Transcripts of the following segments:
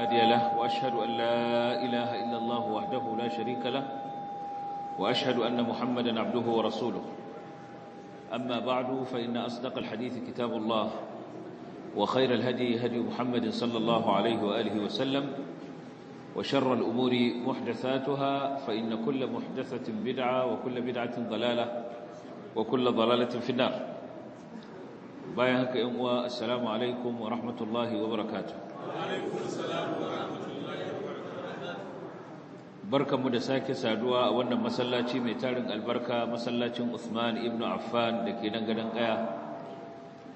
هادي له وأشهد أن لا إله إلا الله وحده لا شريك له وأشهد أن محمدا عبده ورسوله أما بعد فإن أصدق الحديث كتاب الله وخير الهدي هدي محمد صلى الله عليه وآله وسلم وشر الأمور محدثاتها فإن كل محدثة بدعة وكل بدعة ضلالة وكل ضلالة في النار بايهك السلام عليكم ورحمة الله وبركاته barkanmu da sake saduwa a wannan masallaci mai tarin albarka masallacin Usman ibn Affan da ke nan gadan kaya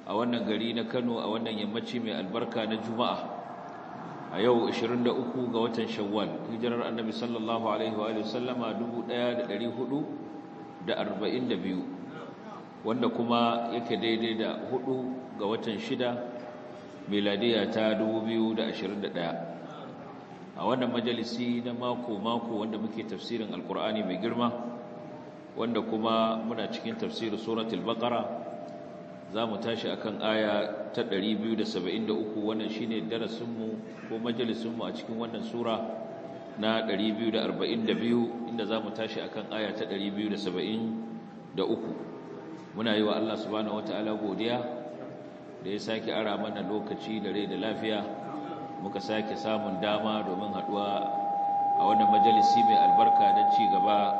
a wannan gari na Kano a wannan yammaci mai albarka na Juma'a a yau 23 ga watan Shawwal hijirar Annabi sallallahu alaihi wa sallama 1442 wanda kuma yake daidai da 4 ga watan shida. miladiya ta 2021 a wannan majalisi na mako-mako wanda muke tafsirin alkur'ani mai girma wanda kuma muna cikin tafsirin suratul baqara za mu tashi akan aya ta 273 wannan shine darasinmu ko majalisinmu a cikin wannan sura na 242 inda za mu tashi akan aya ta 273 muna yi wa Allah subhanahu ta'ala godiya da ya sake ara mana lokaci da rai da lafiya muka sake samun dama domin haduwa a wani majalisi mai albarka don ci gaba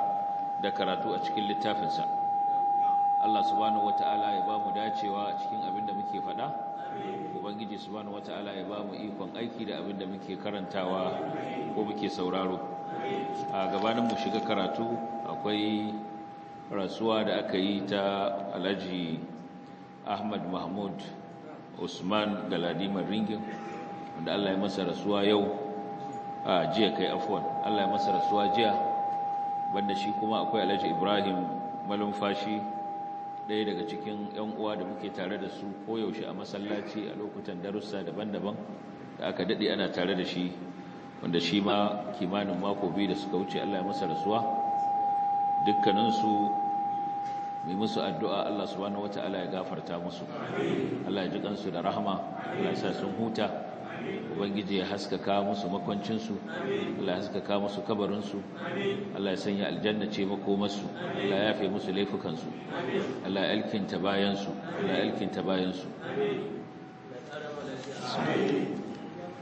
da karatu a cikin littafinsa Allah subhanahu wata'ala ya ba mu dacewa a cikin abin da muke faɗa ubangiji subhanahu wata'ala ya ba mu ikon aiki da abin da muke karantawa ko muke sauraro a gabanin mu shiga karatu akwai rasuwa da aka yi ta alhaji ahmad mahmud usman galadimar ringin wanda allah ya masa rasuwa yau a jiya kai afuwan allah ya masa rasuwa jiya banda shi kuma akwai alhaji ibrahim malumfashi ɗaya daga cikin ƴan uwa da muke tare da su koyaushe a masallaci a lokutan darussa daban-daban da aka daɗe ana tare da shi wanda shi ma kimanin mako biyu da suka wuce allah ya masa rasuwa dukkaninsu mai musu addu'a Allah subhanahu wata'ala ya gafarta musu Allah ya ji kansu da rahama Allah ya sa sun huta ubangiji ya haskaka musu makwancinsu Allah ya haskaka musu kabarinsu Allah ya sanya aljanna ce makomarsu Allah ya fi musu laifukansu Allah ya alkinta bayansu Allah ya alkinta bayansu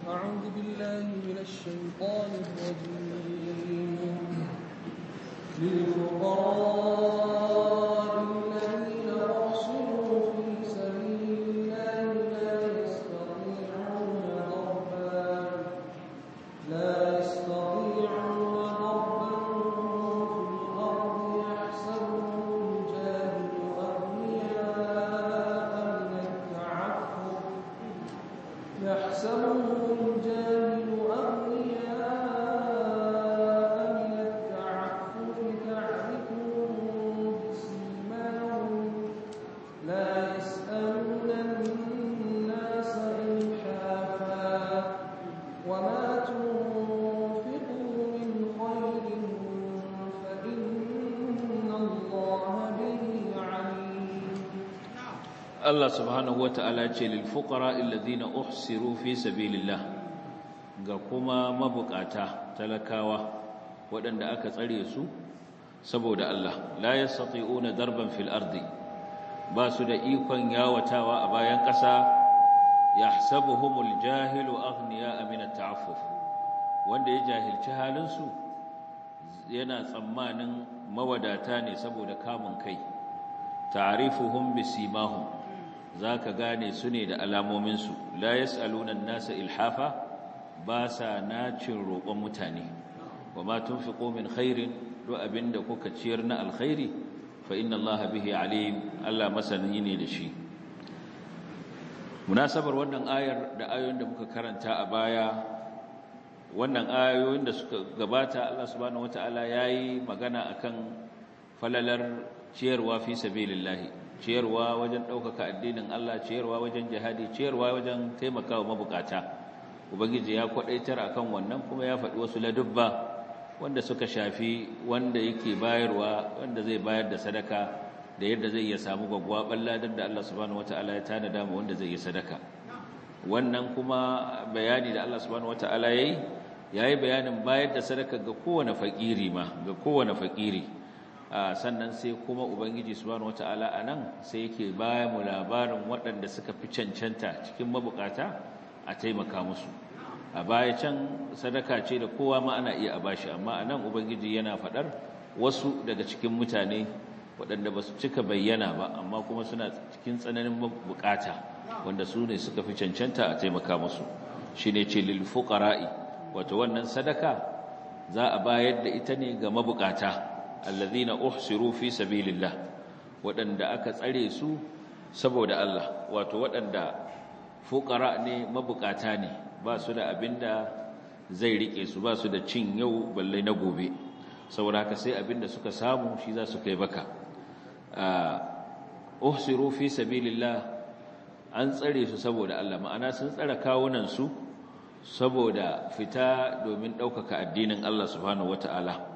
أعوذ بالله Allah subhanahu wa ta'ala ce lilfukara fuqara alladhina uhsiru fi sabilillah ga kuma mabukata talakawa waɗanda aka tsare su saboda Allah la na darban fil ba su da ikon yawatawa a bayan ƙasa humul jahilu aghniya amina at wanda ya jahilci halinsu yana tsammanin mawadata ne saboda kamun kai ta'rifuhum bisimahum zaka gane su ne da alamominsu. su la yas'aluna nasa ilhafa ba sa nacin roƙon mutane wama tunfiqu min khairin duk abinda kuka ciyar na alkhairi fa inna allaha bihi alim Allah masani ne da shi munasabar wannan ayar da ayoyin da muka karanta a baya wannan ayoyin da suka gabata Allah subhanahu wataala yayi magana akan falalar ciyarwa fi sabilillahi ciyarwa wajen ɗaukaka addinin Allah ciyarwa wajen jihadi ciyarwa wajen taimakawa mabukata ubangiji ya kwadaitar akan wannan kuma ya faɗi wasu ladubba wanda suka shafi wanda yake bayarwa wanda zai bayar da sadaka da yadda zai iya samu gwaggwaban ladar da Allah subhanahu wataala ya tana ma wanda zai yi sadaka wannan kuma bayani da Allah subhanahu wataala yayi yayi bayanin bayar da sadaka ga kowane fakiri ma ga kowane fakiri sannan sai kuma ubangiji subhanahu wataala anan sai yake bayar mu labarin waɗanda suka fi cancanta cikin mabukata a taimaka musu a baya can sadaka ce da kowa ma ana iya a bashi amma a nan ubangiji yana faɗar wasu daga cikin mutane waɗanda ba su cika bayyana ba amma kuma suna cikin tsananin bukata wanda su ne suka fi cancanta a taimaka musu shi ne ce ƙara'i wato wannan sadaka za a bayar da ita ne ga mabukata na uhsiru fi sabilillah waɗanda aka tsare su saboda Allah wato waɗanda fuƙara ne mabukata ne ba su da abin da zai rike su ba su da cin yau balle na gobe saboda haka sai abin da suka samu shi za su kai baka uhsiru fi sabilillah an tsare su saboda Allah ma'ana sun tsara kawunan su saboda fita domin ɗaukaka addinin Allah subhanahu wata'ala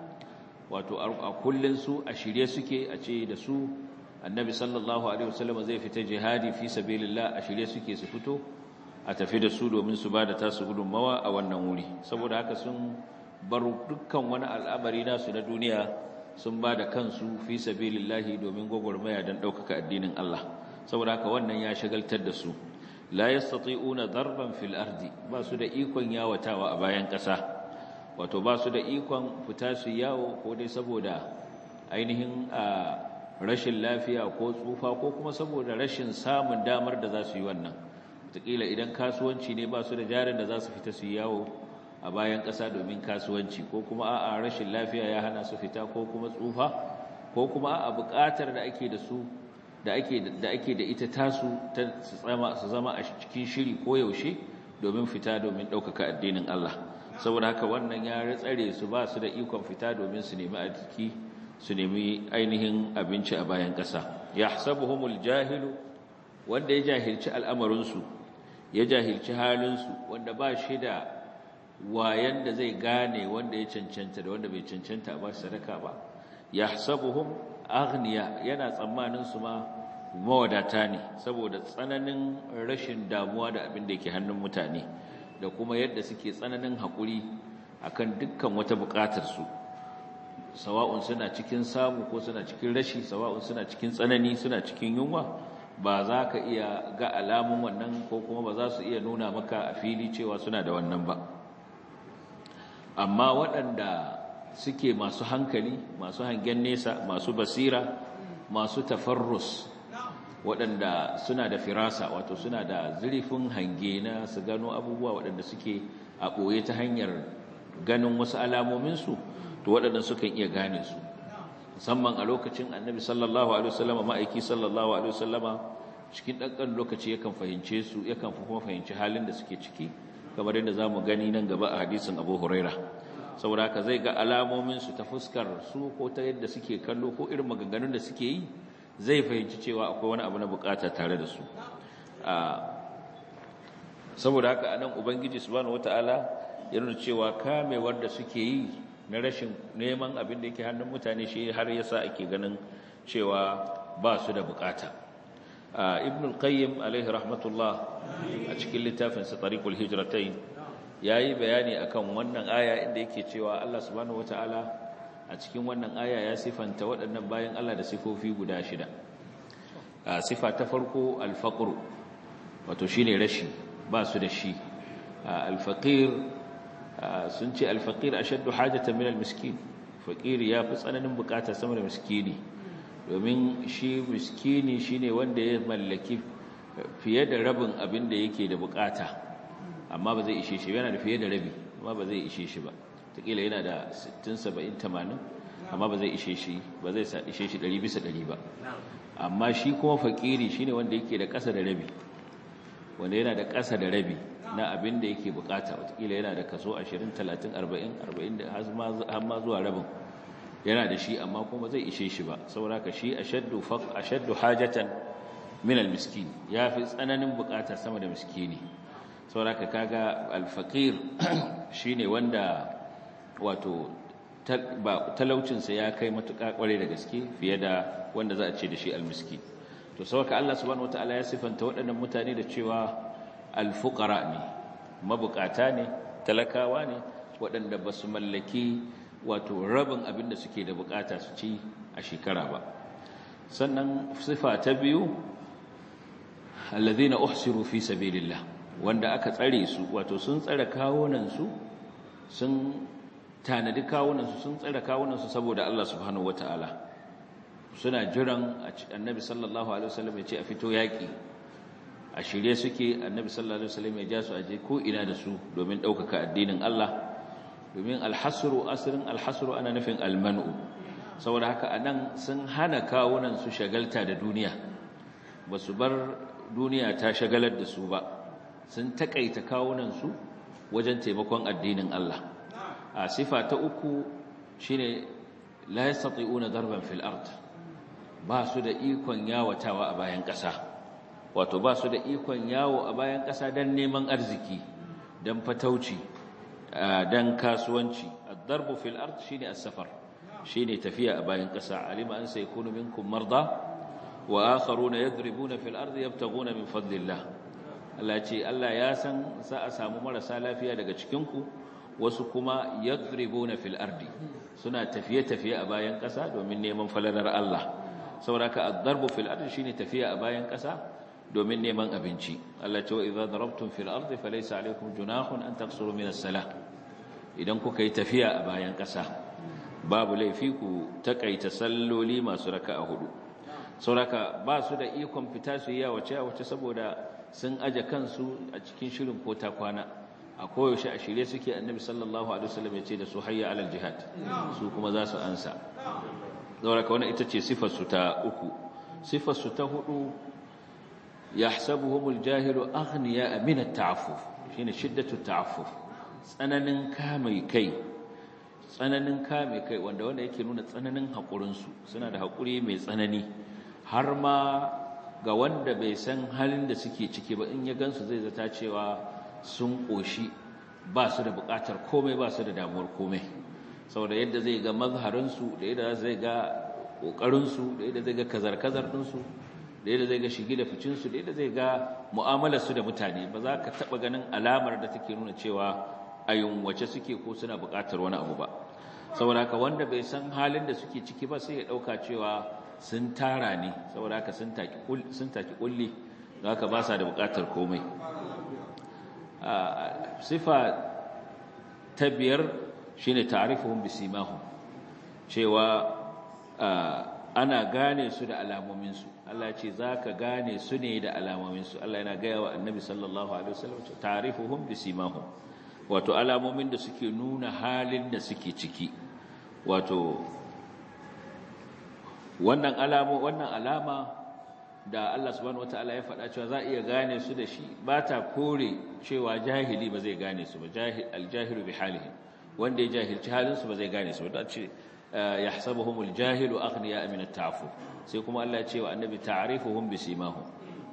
wato a kullun su a shirye suke a ce da su annabi sallallahu alaihi wasallam zai fita jihadi fi sabilillah a shirye suke su fito a tafi da su domin su ba da tasu gudunmawa a wannan wuri saboda haka sun bar dukkan wani al'amari nasu na duniya sun ba da kansu fi sabilillahi domin gwagwarmaya don ɗaukaka addinin Allah saboda haka wannan ya shagaltar da su la yastati'una darban fil ardi ba su da ikon yawatawa a bayan ƙasa wato ba su da ikon fita su yawo ko dai saboda ainihin a rashin lafiya ko tsufa ko kuma saboda rashin samun damar da za su yi wannan wataƙila idan kasuwanci ne ba su da jarin da za su fita su yawo a bayan ƙasa domin kasuwanci ko kuma a'a rashin lafiya ya hana su fita ko kuma tsufa ko kuma a'a buƙatar da ake da su da ake da ita tasu su zama a cikin shiri ko yaushe domin fita domin ɗaukaka addinin Allah saboda haka wannan ya tsare su ba su da ikon fita domin su nemi a jiki su nemi ainihin abinci a bayan ƙasa humul jahilu wanda ya jahilci al'amarinsu ya jahilci halinsu wanda ba shi da wayan da zai gane wanda ya cancanta da wanda bai cancanta ba sadaka ba yahsabuhum agniya yana tsammanin su ma mawadata ne saboda tsananin rashin damuwa da abin da ke hannun mutane da kuma yadda suke tsananin hakuri akan dukkan wata buƙatar su sawa'un suna cikin samu ko suna cikin rashi sawa'un suna cikin tsanani suna cikin yunwa ba za ka iya ga alamun wannan ko kuma ba za su iya nuna maka a fili cewa suna da wannan ba amma waɗanda suke masu hankali masu hangen nesa masu basira masu tafarrus waɗanda suna da firasa wato suna da zurfin hange na su gano abubuwa waɗanda suke a ɓoye ta hanyar ganin wasu alamominsu to waɗanda sukan iya gane su musamman a lokacin annabi sallallahu alaihi wasallama ma'aiki sallallahu alaihi wasallama cikin ɗanɗan lokaci yakan fahimce su yakan kuma fahimci halin da suke ciki kamar yadda za mu gani nan gaba a hadisin abu huraira saboda haka zai ga alamomin su, ta fuskar su ko ta yadda suke kallo ko irin maganganun da suke yi zai fahimci cewa akwai wani abu na bukata tare da su saboda haka anan ubangiji subhanahu wataala ya nuna cewa kamewar da suke yi na rashin neman abin da yake hannun mutane shi har yasa ake ganin cewa ba su da bukata ibn al-qayyim alaihi rahmatullah a cikin littafin sa tariqul hijratain yayi bayani akan wannan aya inda yake cewa Allah subhanahu wataala a cikin wannan aya ya sifanta waɗannan bayan Allah da sifofi guda shida sifa ta farko al-faqr wato shine rashi ba su da shi al-faqir sun ce alfaƙir alfaqir ashaddu hajatan min faƙir ya fi tsananin buƙata sama da miskini domin shi miskini shine wanda ya mallaki fiye da rabin abin da yake da buƙata amma ba zai ishe shi yana da fiye da rabi amma ba zai ishe shi ba taƙila yana da 60 70 80 amma ba zai ishe shi ba zai ishe shi 100 bisa 100 ba amma shi kuma shi shine wanda yake da ƙasa da rabi wanda yana da ƙasa da rabi na abin da yake bukata watakila yana da kaso 20 30 40 40 har ma zuwa rabin yana da shi amma kuma zai ishe shi ba saboda ka shi ashaddu faq ashaddu hajatan min almiskin ya fi tsananin bukata sama da miskini saboda ka kaga alfaqir shine wanda wato talaucinsa ya kai matuƙa ƙware da gaske fiye da wanda za a ce da shi almiskin to saboda Allah subhanahu wataala ya sifanta waɗannan mutane da cewa alfukara ne mabukata ne talakawa ne waɗanda ba su mallaki wato rabin abin da suke da bukata su ci a shekara ba sannan sifa ta biyu alladhina uhsiru fi sabilillah wanda aka tsare su wato sun tsare kawunan su sun tanadi kawunan su sun tsare kawunan su saboda Allah subhanahu wataala suna jiran annabi sallallahu alaihi wasallam ya ce a fito yaki a shirye suke annabi sallallahu alaihi wasallam ya ja su aje ko ina da su domin ɗaukaka addinin Allah domin alhasru asrin alhasru ana nufin almanu saboda haka anan sun hana kawunan su shagalta da duniya ba su bar duniya ta shagalar da su ba sun takaita kawunan su wajen taimakon addinin Allah a sifa ta uku shine la yastati'una darban fil ard ba su da ikon yawatawa a bayan ƙasa wato ba su da ikon yawo a bayan ƙasa don neman arziki don fatauci don kasuwanci ad-darbu fil ard shine as-safar tafiya a bayan ƙasa alima an sayakunu minkum marda wa akharuna yadribuna fil ta yabtaguna min fadlillah Allah ce Allah ya san za a samu marasa lafiya daga cikin ku wasu kuma yadribuna fil ard suna tafiye-tafiye a bayan ƙasa domin neman falalar Allah saboda ka ad-darbu fil ard shine tafiya a bayan ƙasa domin neman abinci Allah ce wa idza darabtum fil ardi falaysa alaykum junahun an taqsuru min as-salah idan kuka yi tafiya a bayan ƙasa babu laifi ku takaita salloli masu raka'a hudu sauraka ba su da ikon fita su yi yawace wace saboda sun aje kansu a cikin shirin ko ta kwana a koyaushe a shirye suke annabi sallallahu alaihi wasallam ya ce da su hayya alal jihad su kuma za su ansa sauraka wannan ita ce sifar su ta uku sifar su ta hudu yahsabuhumul jahilu aghniya min at-ta'affuf shine shiddatu ta'affuf tsananin kame kai tsananin kame kai wanda wanda yake nuna tsananin hakurin su suna da hakuri mai tsanani har ma ga wanda bai san halin da suke ciki ba in ya gansu zai zata cewa sun koshi ba su da bukatar komai ba su da damuwar komai saboda yadda zai ga mazharin su da yadda zai ga kokarin su da yadda zai ga kazar-kazar din su da yadda zai ga shigi da ficinsu da yadda zai ga mu'amalarsu da mutane ba za ka taɓa ganin alamar da take nuna cewa a yunwace suke ko suna buƙatar wani abu ba saboda haka wanda bai san halin da suke ciki ba sai ya ɗauka cewa sun tara ne saboda haka sun taki ƙulli da haka ba sa da buƙatar komai sifa ta biyar shine tarifin bisimahum cewa ana gane su da alamominsu Allah ce za ka gane su ne da alamominsu Allah yana gaya wa annabi sallallahu alaihi wasallam tarifuhum bisimahum wato alamomin da suke nuna halin da suke ciki wato wannan alamo wannan alama da Allah subhanahu wataala ya faɗa cewa za a iya gane su da shi ba ta kore cewa jahili ba zai gane su ba jahil aljahilu bi halihi wanda ya jahilci halinsu ba zai gane su ba ce yahsabuhumul jahilu aghniya min at-ta'affuf sai kuma Allah ya ce wa annabi ta'rifuhum simahum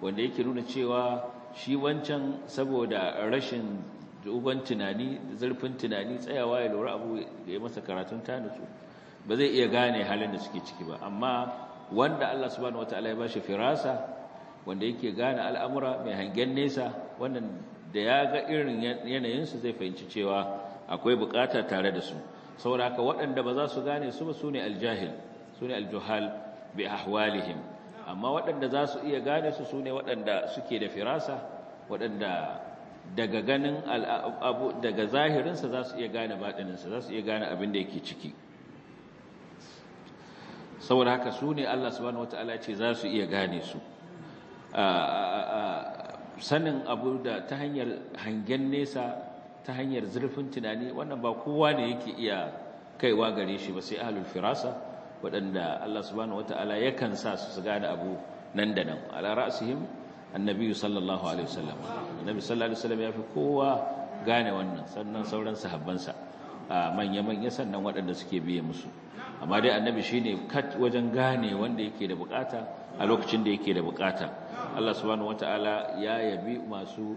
wanda yake nuna cewa shi wancan saboda rashin duban tunani zurfin tunani tsayawa ya lura abu da ya masa karatun nutsu. ba zai iya gane halin da suke ciki ba amma wanda Allah subhanahu wataala ya bashi firasa wanda yake gane al'amura mai hangen nesa wannan da ya ga irin yanayinsu zai fahimci cewa akwai bukata tare da su saboda haka waɗanda ba za su gane su ba ne aljahil ne aljuhal bi ahwalihim amma waɗanda za su iya gane su ne waɗanda suke da firasa waɗanda daga ganin abu daga zahirinsa za su iya gane baɗininsa za su iya gane abin da yake ciki saboda haka su ne Allah subhanahu wata'ala ce za su iya gane su sanin abu da ta hanyar hangen nesa ta hanyar zurfin tunani wannan ba kowa ne yake iya kaiwa gare shi ba sai ahlul firasa waɗanda Allah subhanahu wata'ala yakan sa su gane abu nan da nan ala ra'sihim annabi sallallahu alaihi wasallam annabi sallallahu alaihi wasallam ya fi kowa gane wannan sannan sauran sahabbansa manya-manya sannan waɗanda suke biye musu amma dai annabi shine kat wajen gane wanda yake da bukata a lokacin da yake da bukata Allah subhanahu wataala ya yabi masu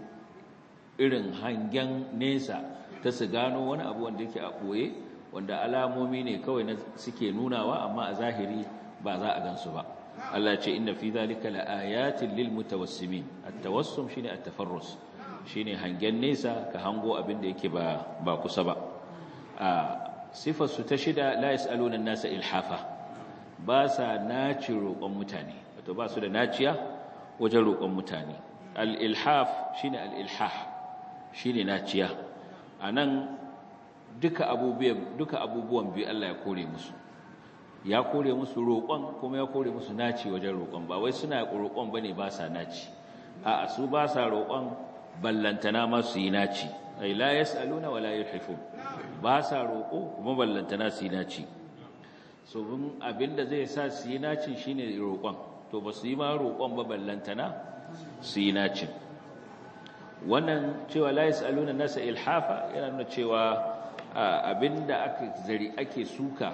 irin hangen nesa ta su gano wani abu wanda yake a ɓoye wanda alamomi ne kawai na suke nunawa amma a zahiri ba za a gansu ba Allah ce inna fi zalika laayatin lil mutawassimin at-tawassum shine at-tafarrus shine hangen nesa ka hango abin da yake ba ba kusa ba a sifar su ta shida la yasaluna an-nasa ilhafa ba sa naci roƙon mutane wato ba su da naciya wajen roƙon mutane al-ilhaf shine al-ilhah Shi ne naciya anan duka abubuwan duka abubuwan biyu Allah ya kore musu ya kore musu roƙon kuma ya kore musu naci wajen roƙon ba wai suna roƙon ba ne ba sa naci a'a su ba sa roƙon ballantana ma yi naci ai la yasaluna wala yuhifun ba sa roƙo kuma ballantana su yi naci so bin da zai sa su yi nacin shine roƙon to ba su yi ma roƙon ba ballantana su yi nacin wannan cewa la yasaluna nasa ilhafa yana nuna cewa abinda aka zari ake suka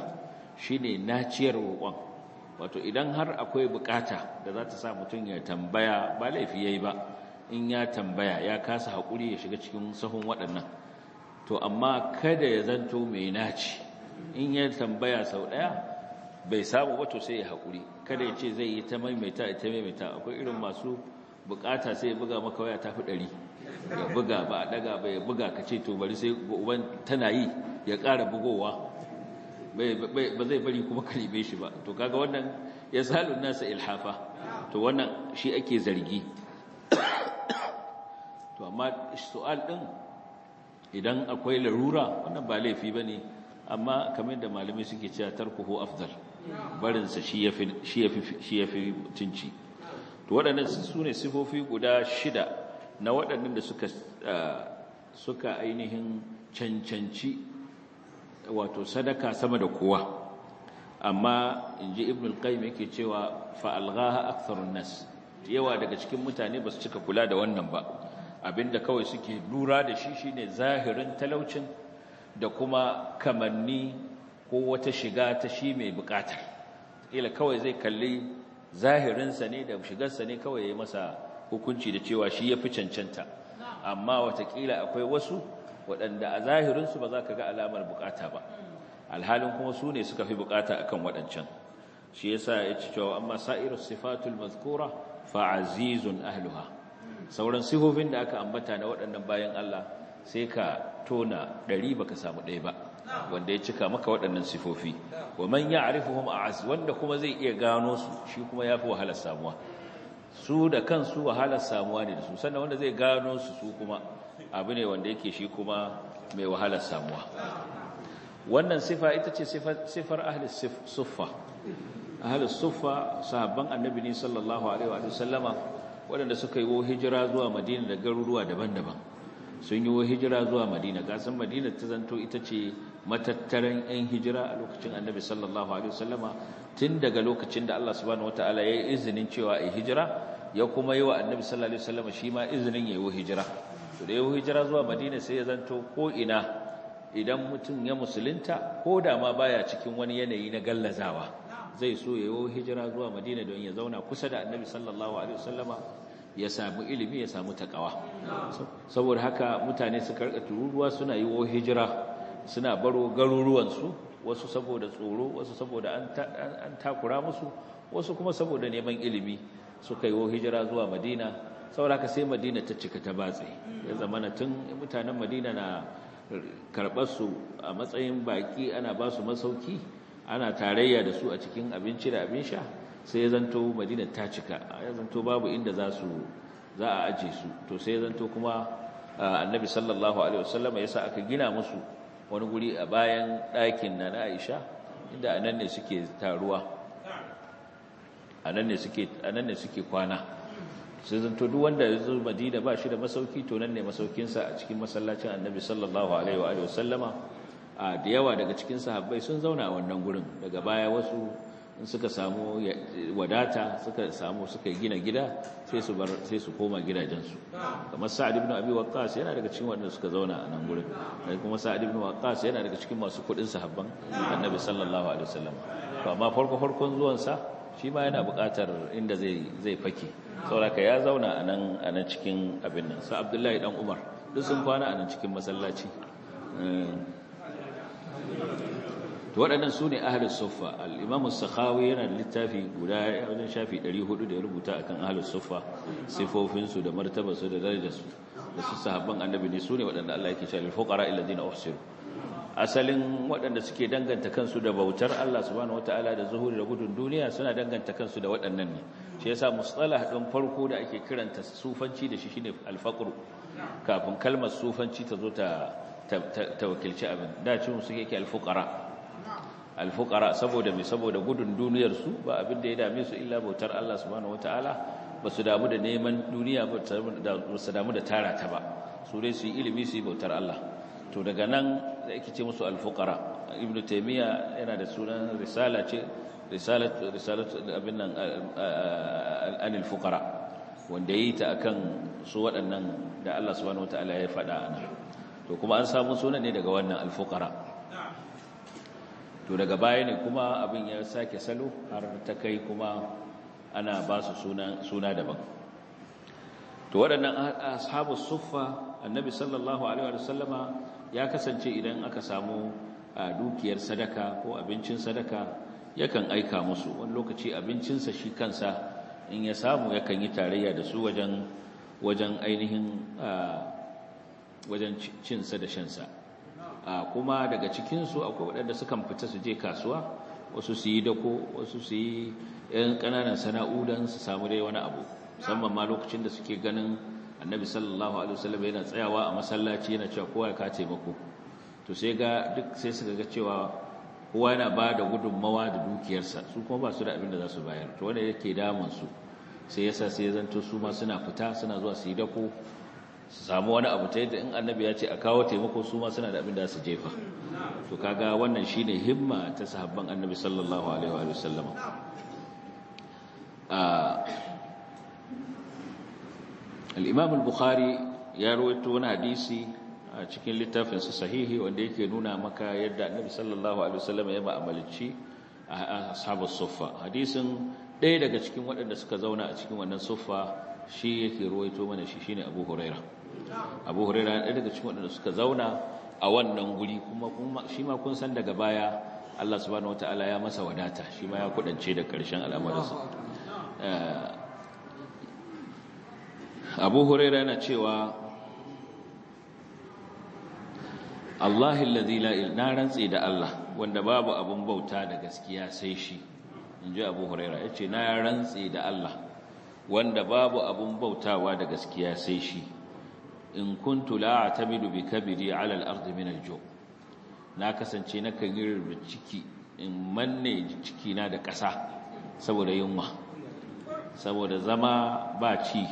shine naciyar roƙon wato idan har akwai bukata da za ta sa mutum ya tambaya ba laifi yayi ba in ya tambaya ya kasa hakuri ya shiga cikin sahun waɗannan to amma kada ya zanto mai naci in ya tambaya sau ɗaya bai samu wato sai ya hakuri kada ya ce zai yi ta maimaita ta maimaita akwai irin masu bukata sai ya buga maka waya tafi ɗari ya buga ba a daga ba ya buga ka ce to bari sai uban tana yi ya ƙara bugowa ba zai bari kuma kalibe shi ba to kaga wannan ya salun nasa ilhafa to wannan shi ake zargi to amma su'al din idan akwai larura wannan ba laifi ba ne amma kamar da malamai suke cewa tarkuhu afdal barin sa shi yafi shi yafi to waɗannan su ne sifofi guda shida na waɗannan da eh, suka ainihin cancanci wato sadaka sama da kowa amma in ji ibn al-qayyim yake cewa fa alghaha aktharun nas yawa daga cikin mutane ba su cika kula da wannan ba abinda kawai suke lura da shi shine zahirin talaucin da kuma kamanni ko wata shiga ta shi mai bukatar ila kawai zai kalli zahirinsa ne da shigarsa ne kawai ya yi masa hukunci da cewa shi ya fi cancanta amma watakila akwai wasu waɗanda a zahirinsu ba za ka ga alamar bukata ba alhalin kuma su ne suka fi bukata akan waɗancan shi yasa ya ci cewa amma sa'irar sifatul mazkura fa azizun ahluha sauran sifofin da aka ambata na waɗannan bayan Allah sai ka tona ɗari baka samu ɗaya ba wanda ya cika maka waɗannan sifofi wa man ya'rifuhum a'az wanda kuma zai iya gano su shi kuma yafi wahalar samuwa su da kansu wahalar samuwa ne da su sannan wanda zai gano su su kuma abu ne wanda yake shi kuma mai wahalar samuwa wannan sifa ita ce sifar ahalis suffa ahalis suffa sahabban annabi ne sallallahu alaihi wa sallama waɗanda suka yi hijira zuwa madina da garuruwa daban-daban sun yi hijira zuwa madina gasan madina ta zanto ita ce matattaran 'yan hijira a lokacin annabi sallallahu alaihi wasallama tun daga lokacin da Allah subhanahu wataala ya yi izinin cewa a hijira ya kuma yi wa annabi sallallahu alaihi wasallam shi ma izinin ya yi hijira to da ya yi hijira zuwa madina sai ya zanto ko ina idan mutum ya musulunta ko da ma baya cikin wani yanayi na gallazawa zai so ya yi hijira zuwa madina don ya zauna kusa da annabi sallallahu alaihi wasallam ya samu ilimi ya samu takawa saboda haka mutane suka rika tururuwa suna yi hijira suna baro garuruwan su wasu saboda tsoro wasu saboda an takura musu wasu kuma saboda neman ilimi suka yi hijira zuwa madina sauraka sai madina ta cika ta batse ya zamana tun mutanen madina na karɓar su a matsayin baƙi ana ba su masauki ana tarayya da su a cikin abinci da abin sha sai ya zanto madina ta cika ya zanto babu inda za su za a aje su to sai ya zanto kuma annabi sallallahu alaihi wasallam ya sa aka gina musu wani guri a bayan ɗakin na Aisha inda anan ne suke taruwa anan ne ne suke kwana sai zanto duk wanda ya zo Madina ba shi da masauki to nan ne masaukinsa a cikin masallacin Annabi sallallahu alaihi wa alihi a da yawa daga cikin sahabbai sun zauna a wannan gurin daga baya wasu in suka samu wadata suka samu suka gina gida sai su bar sai su koma gidajensu kamar Sa'ad ibn Abi Waqqas yana daga cikin waɗanda suka zauna a nan gurin sai kuma Sa'ad ibn Waqqas yana daga cikin masu kuɗin sahabban Annabi sallallahu alaihi wasallam to amma farko farkon zuwan sa shi ma yana buƙatar inda zai zai fake saboda ya zauna a nan a nan cikin abin nan sa Abdullahi dan Umar duk sun kwana a nan cikin masallaci eh. to waɗannan su ne ahalus suffa al'imamu sakhawi yana da littafi guda wajen shafi 400 da ya rubuta akan ahalus suffa sifofinsu da martabarsu da darajarsu da su sahabban annabi ne su ne waɗanda Allah yake shafi fuqara illadina uhsiru asalin waɗanda suke danganta kansu da bautar Allah subhanahu wataala da zuhuri da gudun duniya suna danganta kansu da waɗannan ne shi yasa mustalah haɗin farko da ake kiranta sufanci da shi shine alfaqru kafin kalmar sufanci ta zo ta ta wakilci abin da cewa suke yake alfuqara alfukara saboda mai saboda gudun duniyarsu ba abin da ya dame su illa bautar Allah subhanahu wataala ba su damu da neman duniya ba su damu da tara ta ba su dai su yi ilimi su yi bautar Allah to daga nan da ake ce musu alfukara ibnu taimiyya yana da sunan risala ce risalat abin nan anil alfukara wanda yi ta akan su waɗannan da Allah subhanahu wataala ya faɗa ana to kuma an samu sunan ne daga wannan alfukara to daga baya ne kuma abin ya sake salo har ta kai kuma ana ba su suna daban to waɗannan ashabu suffa annabi sallallahu alaihi wasallama ya kasance idan aka samu dukiyar sadaka ko abincin sadaka yakan aika musu wani lokaci abincinsa shi kansa in ya samu yakan yi tarayya da su wajen ainihin wajen cinsa da shansa kuma daga cikinsu akwai waɗanda sukan fita su je kasuwa wasu su yi dako wasu su yi ‘yan ƙananan sana'u don su samu dai wani abu musamman ma lokacin da suke ganin annabi sallallahu alaihi wasallam yana tsayawa a masallaci yana cewa kowa ya kace mako to sai ga duk sai suka ga cewa kowa yana ba da gudunmawa da dukiyarsa su kuma ba su da abin da za su bayar to wanda yake damun su sai yasa sai zanto su ma suna fita suna zuwa su yi dako su samu wani abu ta yadda in annabi ya ce a kawo taimako su ma suna da abin da su jefa to kaga wannan shine himma ta sahabban annabi sallallahu alaihi wa sallam. al-imam al-bukhari ya rawaito wani hadisi a cikin littafin sa sahihi wanda yake nuna maka yadda annabi sallallahu alaihi wa sallam ya a ashabus suffa hadisin ɗaya daga cikin waɗanda suka zauna a cikin wannan sufa shi yake ruwaito mana shi shine Abu Huraira Abu Huraira ɗaya daga cikin waɗanda suka zauna a wannan guri kuma shi ma kun san daga baya Allah subhanahu wataala ya masa wadata shi ma ya kudance da ƙarshen al'amuransa eh, Abu Huraira yana cewa Allahi alladhi la ilaha illa da Allah wanda babu abun bauta da gaskiya sai shi in ji abu huraira ya ce na rantse da Allah wanda babu abun bautawa da gaskiya sai shi in kuntu la'a ta bi kabiri ala al-ardi min ju na kasance na kan yi ciki in manne ciki na da ƙasa saboda yunwa saboda zama ba ci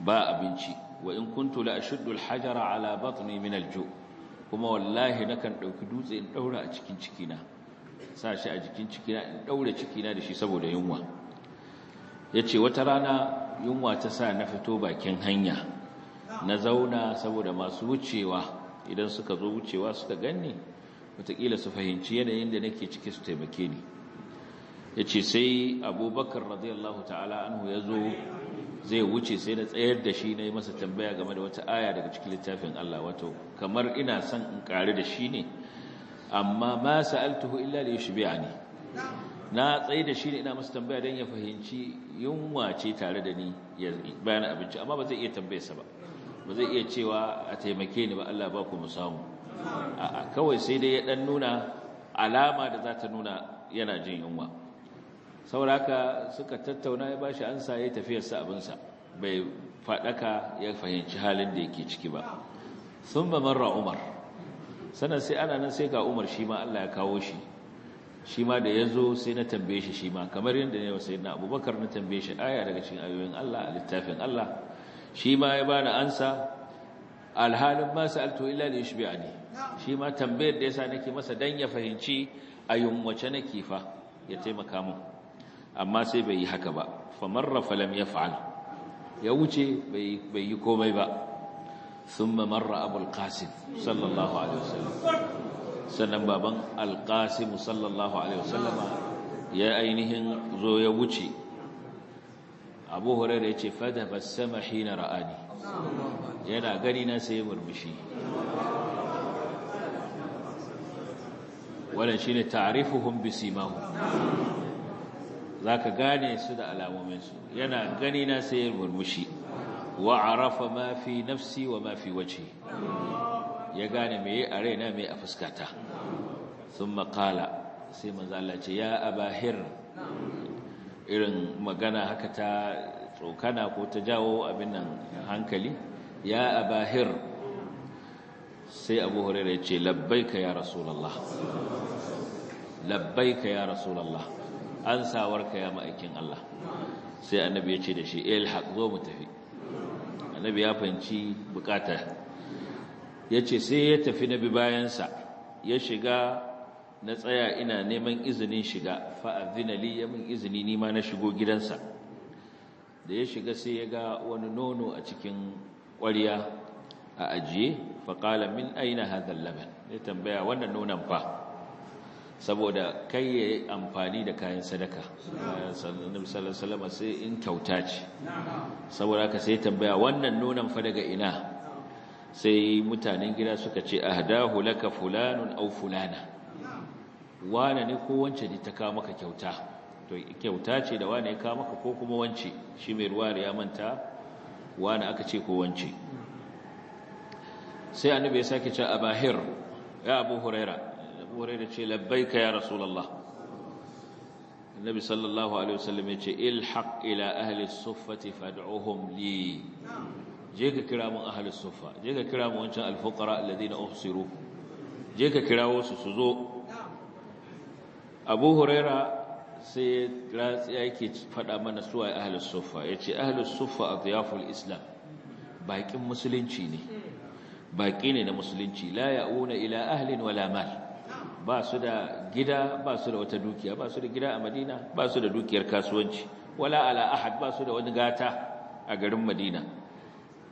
ba abinci wa in kuntu la'a ashuddu al-hajara ala batni min al-ju kuma wallahi nakan ɗauki dutse in daura a cikin cikina sa shi a jikin cikina in daure cikina da shi saboda yunwa yace wata rana yunwa ta sa na fito bakin hanya na zauna saboda masu wucewa idan suka zo wucewa suka ganni wataƙila su fahimci yanayin da nake ciki su taimake ni ya ce sai abubakar radiyallahu ta'ala anhu ya zo zai wuce sai na tsayar da shi na yi masa tambaya game da wata aya daga cikin littafin Allah wato kamar ina son in ƙari da shi ne amma ma sa'altuhu illa da biya ne. na tsaye da shi ne ina masu tambaya don ya fahimci yunwa ce tare da ni ya bayan abinci amma ba zai iya tambaya sa ba ba zai iya cewa a taimake ni ba Allah ba ku mu samu kawai sai dai ya ɗan nuna alama da za ta nuna yana jin yunwa sauraka suka tattauna ya bashi ansa ya tafiyar sa abinsa, bai faɗaka ya fahimci halin da yake ciki ba ba marra umar sannan sai ana nan sai ga umar shi ma Allah ya kawo shi shi ma da ya zo sai na tambaye shi shi ma kamar yadda ne wa na abubakar na tambaye shi aya daga cikin ayoyin Allah a littafin Allah shi ma ya bani ansa alhalin ma sa'altu illa li yushbi'ani shi ma tambayar da yasa nake masa dan ya fahimci a yunwace nake fa ya taimaka min amma sai bai yi haka ba famarra falam yaf'al ya wuce bai yi komai ba thumma marra abul qasim sallallahu alaihi wasallam sannan baban alqasim sallallahu alaihi wasallam ya ainihin zo ya wuce abu hurairah yace fada basama hina ra'ani yana gani na sai murmushi wannan shine ta'rifuhum bisimahum zaka gane su da alamomin su yana gani na sai murmushi wa arafa ma fi nafsi wa ma fi wace ya gane me a raina mai a fuskata sun makala sai manzala ya abahir irin magana haka ta tsokana ko ta jawo abin nan hankali ya abahir sai abu hurairu ya ce ka ya rasulallah ka ya rasulallah an sawarka ya ma'aikin Allah sai annabi ya ce da shi ilhaq zo mu tafi annabi ya fanci bukata ya ce sai ya tafi na bi bayansa ya shiga na tsaya ina neman izinin shiga fa'azina li ya min izini nima na shigo gidansa da ya shiga sai ya ga wani nono a cikin ƙwarya a ajiye faƙala min aina hadhal laban ya tambaya wannan nonon fa saboda kai ya yi amfani da kayan sadaka sannan salama sai in kyauta ce saboda ka sai tambaya wannan nunan fa daga ina sai mutanen gida suka ce ahdahu laka fulanun au fulana wane ne ko wance ne ta kawo maka kyauta to kyauta ce da wane ya kawo maka ko kuma wance shi mai ruwa ya manta wane aka ce ko wance sai annabi ya sake ce abahir ya abu huraira abu hurairah ce labbaika ya rasulullah annabi sallallahu alaihi wasallam ya ce ilhaq ila ahli suffati fad'uhum li je ka kira mun ahli suffa je ka kira mun wancan alfuqara alladhina uhsiru je ka kirawo su su zo abu hurairah sai ya yake faɗa mana suwa ahli suffa yace ahli a adiyaful islam baƙin musulunci ne baƙi ne na musulunci la ila ahlin wala mal ba su da gida ba su da wata dukiya ba su da gida a madina ba su da dukiyar kasuwanci wala ala ahad ba su da wani gata a garin madina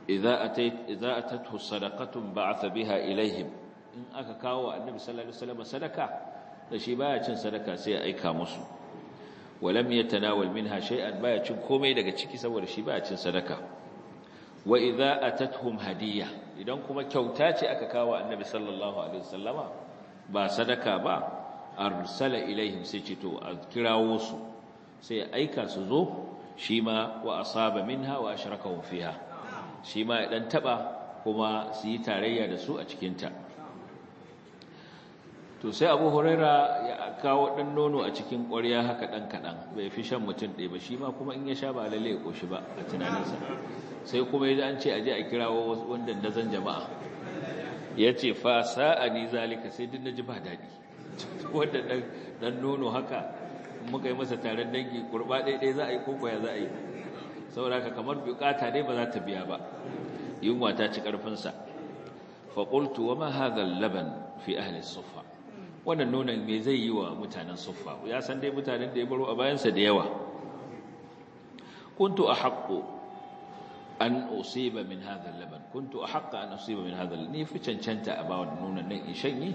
idza atat atatu sadaqatun ba'atha biha ilaihim in aka kawo annabi sallallahu alaihi wasallam sadaka da shi baya cin sadaka sai ya aika musu walam yatanawal minha shay'an baya cin komai daga ciki saboda shi baya cin sadaka wa idza atatuhum hadiyya idan kuma kyauta ce aka kawo annabi sallallahu alaihi wasallama ba sadaka ba arsala ilaihim sai ce to a kirawo su sai aika su zo shi ma wa asaba minha wa ashrakahu fiha shi ma ya dan taba kuma su yi tarayya da su a cikinta to sai abu huraira ya kawo ɗan nono a cikin ƙwarya haka ɗan kaɗan bai fi shan mutum ɗaya ba shi ma kuma in ya sha ba lalle ya ƙoshi ba a tunaninsa sai kuma ya ji an ce a je a kirawo wanda dazan jama'a ya ce fa sa'ani zalika sai duk na ji ba daɗi wanda ɗan nono haka muka yi masa taron dangi kurba ɗaiɗai za a yi kokoya za a yi sauraka kamar bukata dai ba za ta biya ba yunwa ta ci ƙarfinsa faƙultu wa mahazan laban fi ahalin suffa wannan nonon me zai yi wa mutanen suffa ya san dai mutanen da ya baro a bayansa da yawa kuntu a haƙƙo an usiba min hadha laban kuntu ahqqa an usiba min hadha ni fi cancanta a bawa nunan nan in shanye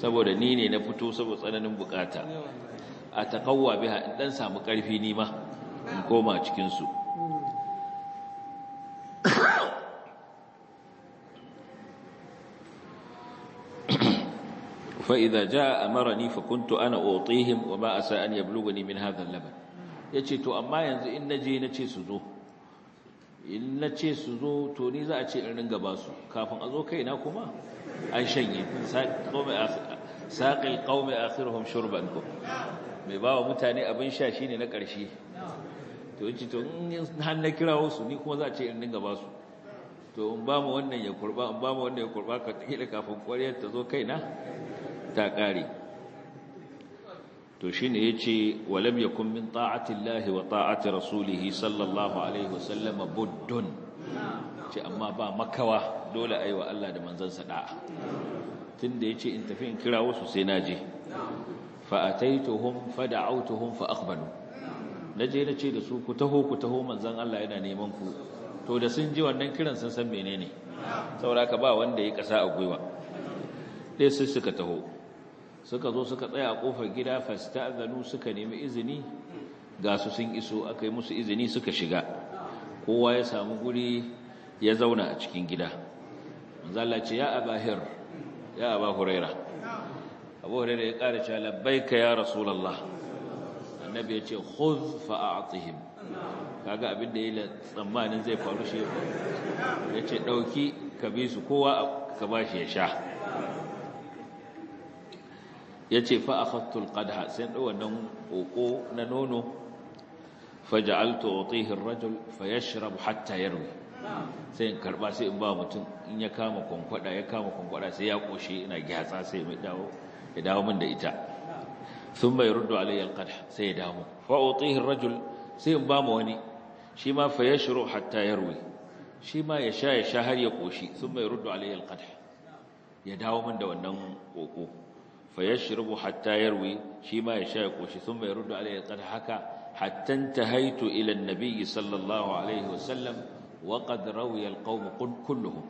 saboda ni ne na fito saboda tsananin bukata a taqawwa biha in dan samu karfi ni ma in koma cikin su fa idza jaa amarani fa kuntu ana utihim wa ma asa an yablugani min hadha laban yace to amma yanzu in naje nace su zo in na ce su zo to ni za a ce in ringa ba su kafin a zo kaina kuma an shanye saƙil ƙaumi a sirhun shurban ko mai ba wa mutane abin sha shi ne na ƙarshe to in ci to in na kira wasu ni kuma za a ce in ringa ba su to in ba mu wannan ya kurba in ba mu wannan ya kurba ka kafin ƙwariyar ta zo kaina ta ƙare to ya yace walam yakun min ta'ati wa ta'ati rasulihi sallallahu alaihi wasallam buddun ce amma ba makawa dole yi wa Allah da manzansa da'a tunda yace in tafi in kira wasu sai naje fa ataituhum fa da'awtuhum fa je na nace da su ku taho ku taho manzan Allah yana neman ku to da sun ji wannan kiran sun san menene saboda ka ba wanda ya kasa a gwiwa dai sai suka taho suka zo suka tsaya a kofar gida fasta'zanu suka nemi izini ga su sun iso aka yi musu izini suka shiga kowa ya samu guri ya zauna a cikin gida Zallace ce ya abahir ya aba huraira ya ƙara cewa ka ya Rasulallah? annabi ya ce khuz fa a'tihim kaga abin da yayin tsammanin zai faru shi ya ce dauki ka bi su kowa ka bashi ya sha yace fa akhadtu alqadha sai dau wannan koko na nono faj'altu utihi ar-rajul fayashrab hatta yarwi sai in karɓa sai in ba mutum in ya kama kwankwada ya kama kwankwada sai ya koshe ina gyatsa sai mai dawo ya dawo min da ita Sun thumma yurdu alayya alqadha sai ya dawo fa utihi ar-rajul sai in ba mu wani shi ma fa hatta yarwi shi ma ya sha ya sha har ya koshi thumma yurdu alayya alqadha ya dawo min da wannan koko fa yashrubu hatta yarwi shi ma ya sha ya koshi sun bai ruddu alayhi haka hatta intahaitu ila an-nabiy sallallahu alaihi wasallam wa qad rawiya al-qawm kulluhum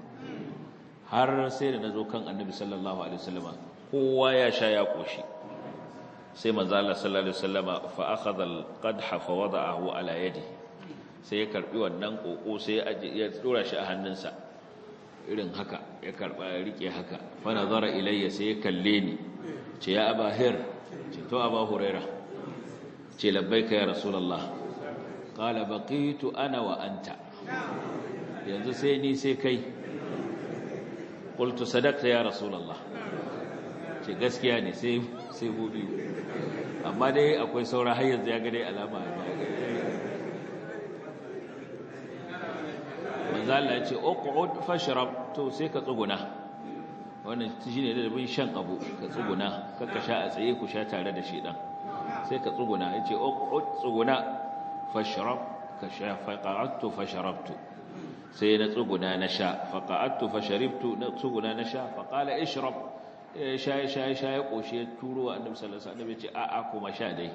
har sai da nazo kan annabi sallallahu alaihi wasallama kowa ya sha ya koshi sai manzo Allah sallallahu alaihi wasallama fa akhadha al-qadha fa wada'ahu ala yadihi sai ya karbi wannan koko sai ya dora shi a hannunsa irin haka ya karba ya rike haka Fana nazara ilayya sai ya kalle ni ce ya abahir ce to aba huraira ce labbaika ya rasulullah qala baqitu ana wa anta yanzu sai ni sai kai qultu sadaqta ya rasulullah ce gaskiya ne sai sai gobe amma dai akwai saura har yanzu ya ga dai alama manzo Allah ya ce uqud fashrab to sai ka tsuguna wannan shine da bin shan abu ka tsuguna ka sha a tsaye ku sha tare da shi shedan sai ka tsuguna ya yace uqud tsuguna fashrab ka sha faqa'tu fashrabtu sai na tsuguna na sha faqa'tu fashribtu na tsuguna na sha faqala ishrab sha sha sha ya koshi ya turo annabi sallallahu alaihi wasallam yace a'a kuma sha dai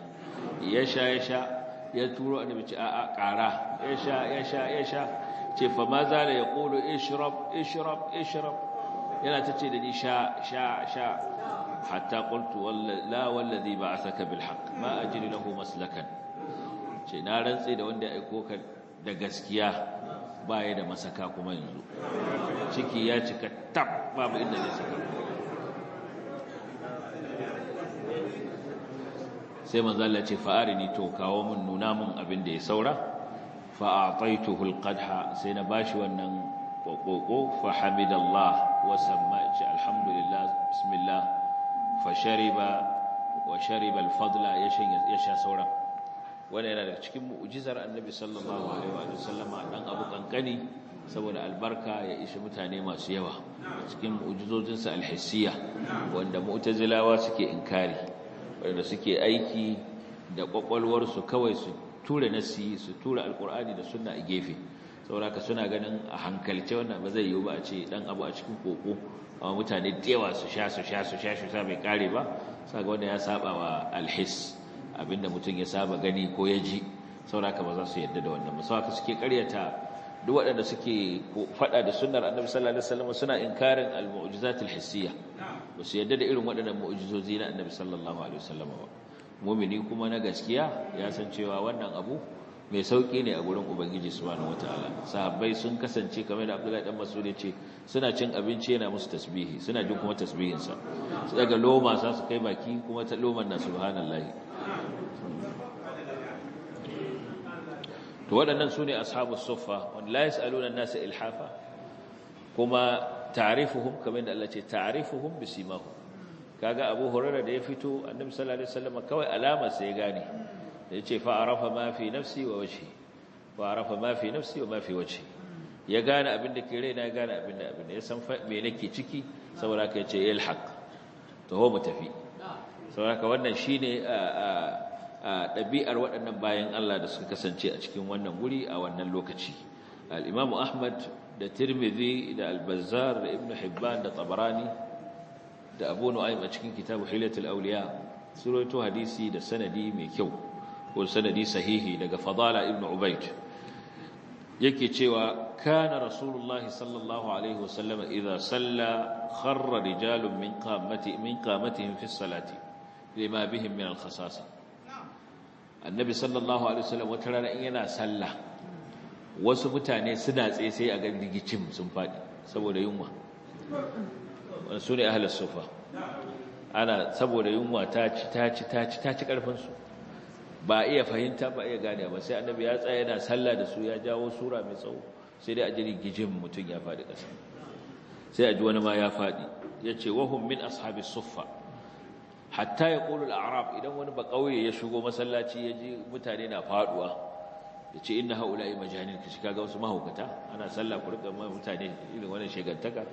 ya sha ya sha ya turo annabi ce a'a ƙara ya sha ya sha ya sha ce fa ma zala ya ƙulu ishrab ishrab ishrab yana ta ce da ni sha sha sha hatta qultu la wallazi ba'athaka bil haqq ma ajri lahu maslakan ce na rantse da wanda ya aiko ka da gaskiya baya da masaka kuma yanzu ciki ya cika tab babu inda zai saka sai manzo Allah ce fa'arini to kawo mun nuna mun abin da ya saura fa'ataituhu alqadha sai na bashi wannan kokoko fa hamidallah wa alhamdulillah bismillah fa shariba wa shariba alfadla ya sha sauran wannan yana daga cikin mu'jizar annabi sallallahu alaihi wa sallama dan abu kankani saboda albarka ya ishi mutane masu yawa cikin mu'jizojinsa alhissiya wanda mu'tazilawa suke inkari wanda suke aiki da kwakwalwarsu kawai su tura nasi su tura alkur'ani da suna a gefe sauraka suna ganin a hankalce wannan ba zai yiwu ba a ce dan abu a cikin koko amma mutane da su sha su sha su sha su sha bai kare ba saga wanda ya saba wa alhis abinda mutum ya saba gani ko ya ji sauraka ba za su yadda da wannan ba sauraka suke karyata duk waɗanda suke faɗa da sunnar annabi sallallahu alaihi wasallam suna inkarin al-mu'jizatul hissiyya ba su yadda da irin waɗannan mu'jizozi na annabi sallallahu alaihi wasallam ba mumini kuma na gaskiya ya san cewa wannan abu mai sauki ne a gurin ubangiji subhanahu wataala sahabbai sun kasance kamar da Abdullahi dan Mas'ud ne ce suna cin abinci yana musu tasbihi suna jin kuma tasbihin sa su daga loma sa su kai baki kuma ta loman na subhanallahi to waɗannan sune ashabus suffa wanda yasaluna an-nasa ilhafa kuma ta'rifuhum kamar da Allah ce ta'rifuhum bisimahum kaga abu hurairah da ya fito annabi sallallahu alaihi wasallam kawai alama sai ya gane Ya ce fa arafa ma fi nafsi wa wajhi fa arafa ma fi nafsi wa ma fi wajhi ya gane abin da ke raina ya gane abin da abin da ya san me nake ciki saboda ka yace ilhaq to ho mu tafi saboda ka wannan shine a ɗabi'ar waɗannan bayan Allah da suka kasance a cikin wannan guri a wannan lokaci al-imamu ahmad da tirmidhi da al-bazzar da ibnu hibban da tabarani da abu nu'aym a cikin kitabu hilatul awliya suratu hadisi da sanadi mai kyau ko sanadi sahihi daga fadala ibn ubayd yake cewa kana rasulullah sallallahu alaihi wasallam idza salla kharra rijalun min qamati min qamatihim fi salati lima bihim min al-khasasa annabi sallallahu alaihi wasallam wata rana in yana sallah wasu mutane suna tsaye sai a ga digicin sun faɗi saboda yunwa su ne ahalar sufa ana saboda yunwa ta ci ta ci ta ci ta ci ƙarfinsu ba iya fahimta ba iya gane ba sai annabi ya tsaya yana sallah da su ya jawo sura mai tsawo sai dai a jiri gijin mutum ya faɗi ƙasa sai a ji wani ma ya faɗi ya ce wahun min ashabi suffa hatta ya ƙulul arab idan wani ba ƙauye ya shigo masallaci ya ji mutane na faɗuwa da ce inna haula'i majanin ka shiga ga wasu mahaukata ana sallah ku rika mutane irin wani shegantaka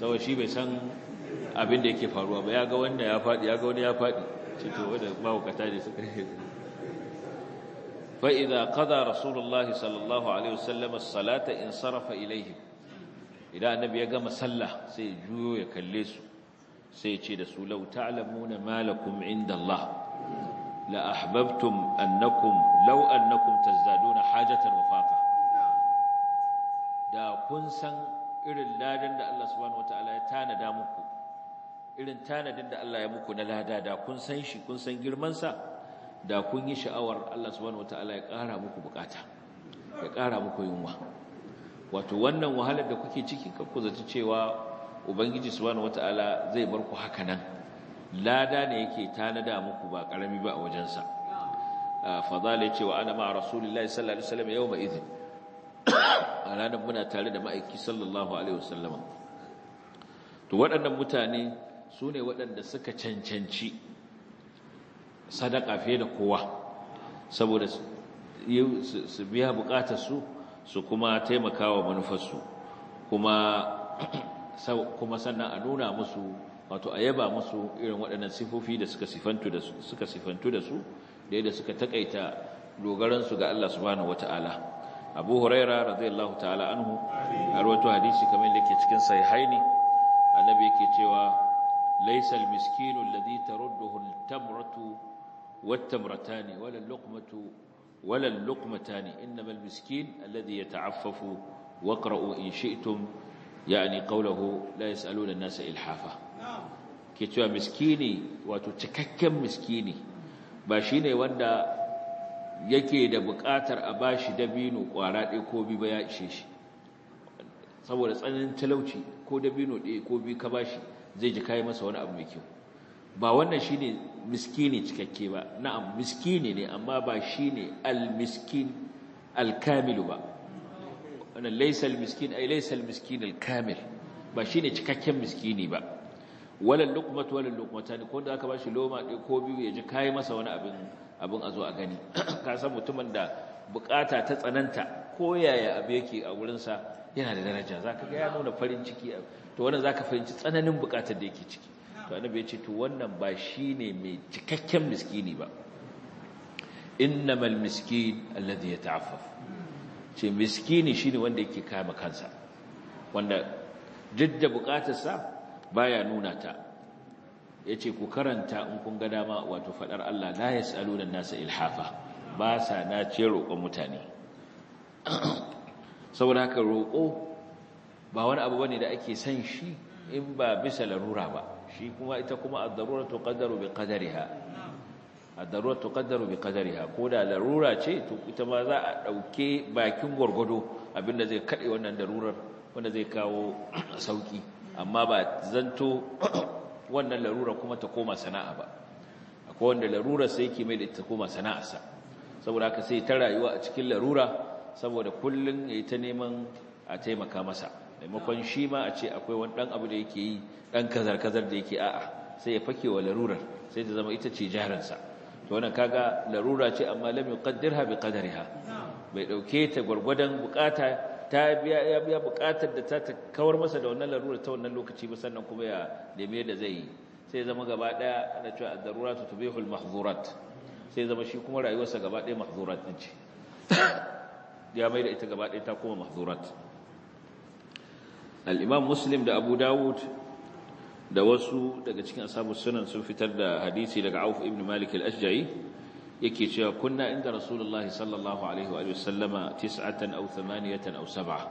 saboda shi bai san abin da yake faruwa ba ya ga wanda ya faɗi ya ga wani ya faɗi cito wanda mahaukata ne suka yi fa idza qada rasulullahi sallallahu alaihi wasallam salata in sarrafa ilayhi idan annabi ya gama sallah sai juyo ya kalle su sai ya ce da su lau ta'lamuna ma malakum inda Allah La'ahbabtum annakum law annakum tazdaduna hajatan wa da kun san irin ladan da Allah subhanahu wataala ya tanada muku irin tanadin da Allah ya muku na lada da kun san shi kun san girman sa da kun yi sha'awar Allah subhanahu wataala ya ƙara muku bukata ya ƙara muku yunwa wato wannan wahalar da kuke ciki kanku ku zaci cewa ubangiji subhanahu wataala zai bar ku haka nan lada ne yake tanada muku ba karami ba a wajensa fa zalika wa ana ma rasulullahi sallallahu alaihi wasallam yawma idhin a ranar muna tare da ma'aiki sallallahu alaihi wasallama to waɗannan mutane su ne waɗanda suka cancanci sadaka fiye da kowa saboda su biya buƙatar su kuma taimaka wa manufarsu kuma sannan a nuna musu wato a yaba musu irin waɗannan sifofi da suka sifantu da su da yadda suka takaita dogaransu ga Allah subhanahu wataala abu huraira radiyallahu ta'ala anhu har wato hadisi kamar yake ke cikin sahihaini annabi yake cewa laysa almiskinu alladhi tarudduhu altamratu wattamratani wala alluqmatu wala alluqmatani innama almiskin alladhi yata'affafu waqra'u in shi'tum yani qawluhu la yas'aluna an-nasa ilhafa ke cewa miskini wato cikakken miskini ba shine wanda yake da buƙatar a ba shi dabino ƙwara ɗaya ko biyu ba ya ishe shi saboda tsananin talauci ko dabino ɗaya ko biyu ka ba shi zai ji kayi masa wani abu mai kyau ba wannan shi ne miskini cikakke ba na'am miskini ne amma ba shi ne al-miskin al kamilu ba wannan laisal al-miskin ai laysa al-miskin al-kamil ba shi ne cikakken miskini ba walal luqmatu walal luqmatani ko da aka shi loma ɗaya ko biyu ya ji kayi masa wani abin abin a zo a gani ka san mutumin da bukata ta tsananta ko yaya abu yake a wurinsa yana da daraja zaka ga ya nuna farin ciki to wannan za ka fahimci tsananin bukatar da yake ciki to annabi ya ce to wannan ba shi ne mai cikakken miskini ba innamal miskin alladhi yata'affaf ce miskini shine wanda yake kama kansa wanda duk da bukatarsa baya nuna ta Ya ce ku karanta in kun ga dama wato faɗar Allah la da nasa ilhafa ba sa nace roƙon mutane saboda haka roƙo ba wani abu bane da ake san shi in ba bisa larura ba shi kuma ita kuma ad-darura tuqaddaru bi qadariha ad-darura tuqaddaru bi qadariha ko da larura ce to ita ma za a dauke bakin gurgudu abinda zai kade wannan darurar wanda zai kawo sauki amma ba zanto wannan larura kuma ta koma sana'a ba akwai wanda larura sai yake mai da ta koma sa saboda haka sai ta rayuwa a cikin larura saboda kullun yayi ta neman a taimaka masa maimakon shi ma a ce akwai wani dan abu da yake yi dan kazar kazar da yake a'a sai ya fake wa larurar sai ta zama ita ce jaransa to wannan kaga larura ce amma lam yuqaddirha biqadariha bai dauke ta gurgurdan bukata ta ya buƙatar da ta kawar masa da wannan larura ta wannan lokaci ba sannan kuma ya neme da zai yi sai zama gaba ɗaya ana cewa darura ta tubihul mahdhurat sai zama shi kuma rayuwarsa gaba ɗaya mahdhurat din ce ya mai da ita gaba ɗaya ta kuma mahdhurat al muslim da abu dawud da wasu daga cikin ashabu sunan sun fitar da hadisi daga auf ibn malik al-ashja'i yake cewa kunna inda rasulullahi sallallahu alaihi wa sallama tis'atan aw thamaniyatan aw sab'a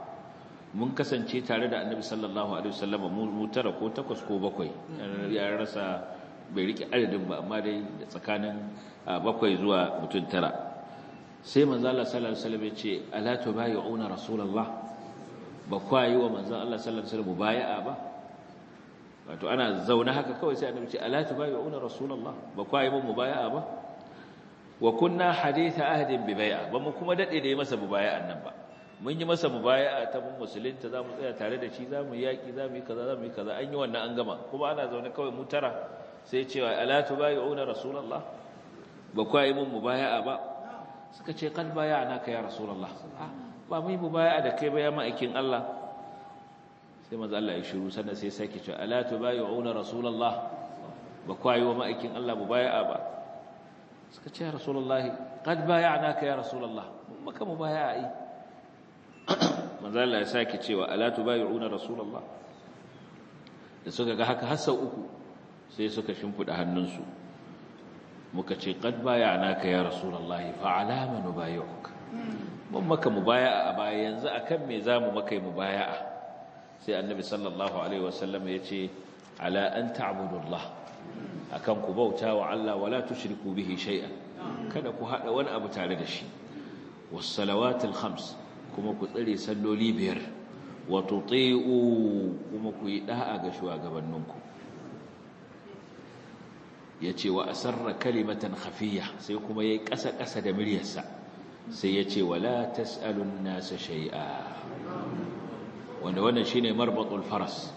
mun kasance tare da annabi sallallahu alaihi wa sallama mu tara ko takwas ko bakwai ya rasa bai rike adadin ba amma dai tsakanin bakwai zuwa mutum tara sai manzo Allah sallallahu alaihi wasallam yace ala tubayuna rasulullah ba kwayi wa manzo Allah sallallahu alaihi wasallam mubaya'a ba wato ana zauna haka kawai sai annabi ce ala tubayuna rasulullah ba kwayi ba mubaya'a ba wa kunna haditha ahdin bi bai'a ba mu kuma dade da yi masa mubaya'an nan ba mun yi masa mubaya'a ta mun musulunta zamu tsaya tare da shi zamu yaki zamu yi kaza zamu yi kaza an yi wannan an gama kuma ana zaune kawai mu tara sai cewa ala tubayuna rasulullah ba kwa yi mun mubaya'a ba suka ce kad baya'ana ka ya rasulullah ah, ba mu yi mubaya'a da kai ba ya ma'aikin Allah sai manzo Allah ya shiru sannan sai sake cewa ala tubayuna rasulullah ba kwa yi wa ma'aikin Allah mubaya'a ba suka ce ya ƙad qad bay'anaka ya rasulallah, maka mubaya'a ai manzo Allah ya sake cewa alatu ala una rasulallah. da suka ga haka har sau uku sai suka shimfiɗa hannunsu muka ce ƙad qad bay'anaka ya rasulullah fa alama nubay'uka mun maka baya a baya yanzu akan me zamu baya a. sai annabi sallallahu alaihi wasallam ya ce ala an ta'budullah akan ku bauta wa Allah wala tushriku bihi shay'an kada ku hada wani abu tare da shi was salawatil khams kuma ku tsare salloli biyar wa tuti'u kuma ku yi da'a ga shugabanninku yace wa asarra kalimatan khafiyya sai kuma yayi kasa kasa da miryarsa sai yace wala tasalun nasa shay'a wanda wannan shine marbatul faras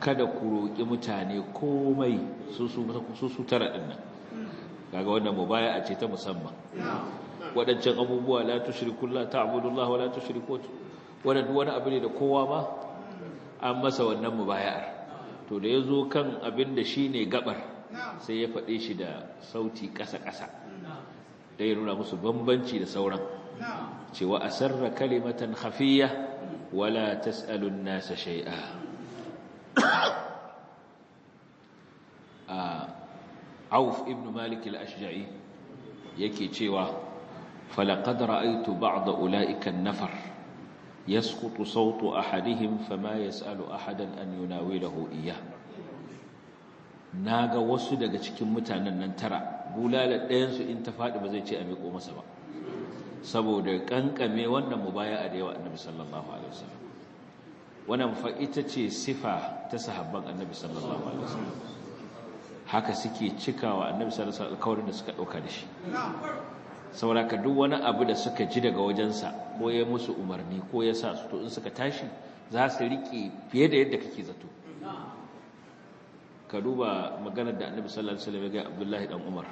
kada ku roƙi mutane komai su su tara ɗin nan kaga wannan mubaya a ce ta musamman waɗancan abubuwa la tushriku la ta'budu la tushriku wannan wani abu ne da kowa ma an masa wannan mubaya'ar to da ya zo kan abin da shine gabar sai ya faɗe shi da sauti ƙasa-ƙasa dai nuna musu bambanci da sauran cewa a asarra kalimatan hafiya wala tas'alun nasa shai'a. Uh, auf ibn malik al-ashja'i yake cewa falaqad ra'aytu ba'd ula'ika an-nafar yasqutu sawtu ahadihim fama yas'alu ahadan an yunawilahu iyyah naga wasu daga cikin mutanen nan tara bulala ɗayansu in ta faɗi ba zai ce a miƙo masa ba saboda kankame wannan mubaya'a da yawa annabi sallallahu alaihi wasallam wannan fa ita ce sifa ta sahabban annabi sallallahu alaihi wasallam haka suke cikawa annabi sallallahu alaihi wasallam da suka dauka da shi sauraka duk wani abu da suka ji daga wajensa ko ya musu umarni ko ya sa su to in suka tashi za su rike fiye da yadda kake zato ka duba maganar da annabi sallallahu alaihi wasallam ya ga Abdullahi dan Umar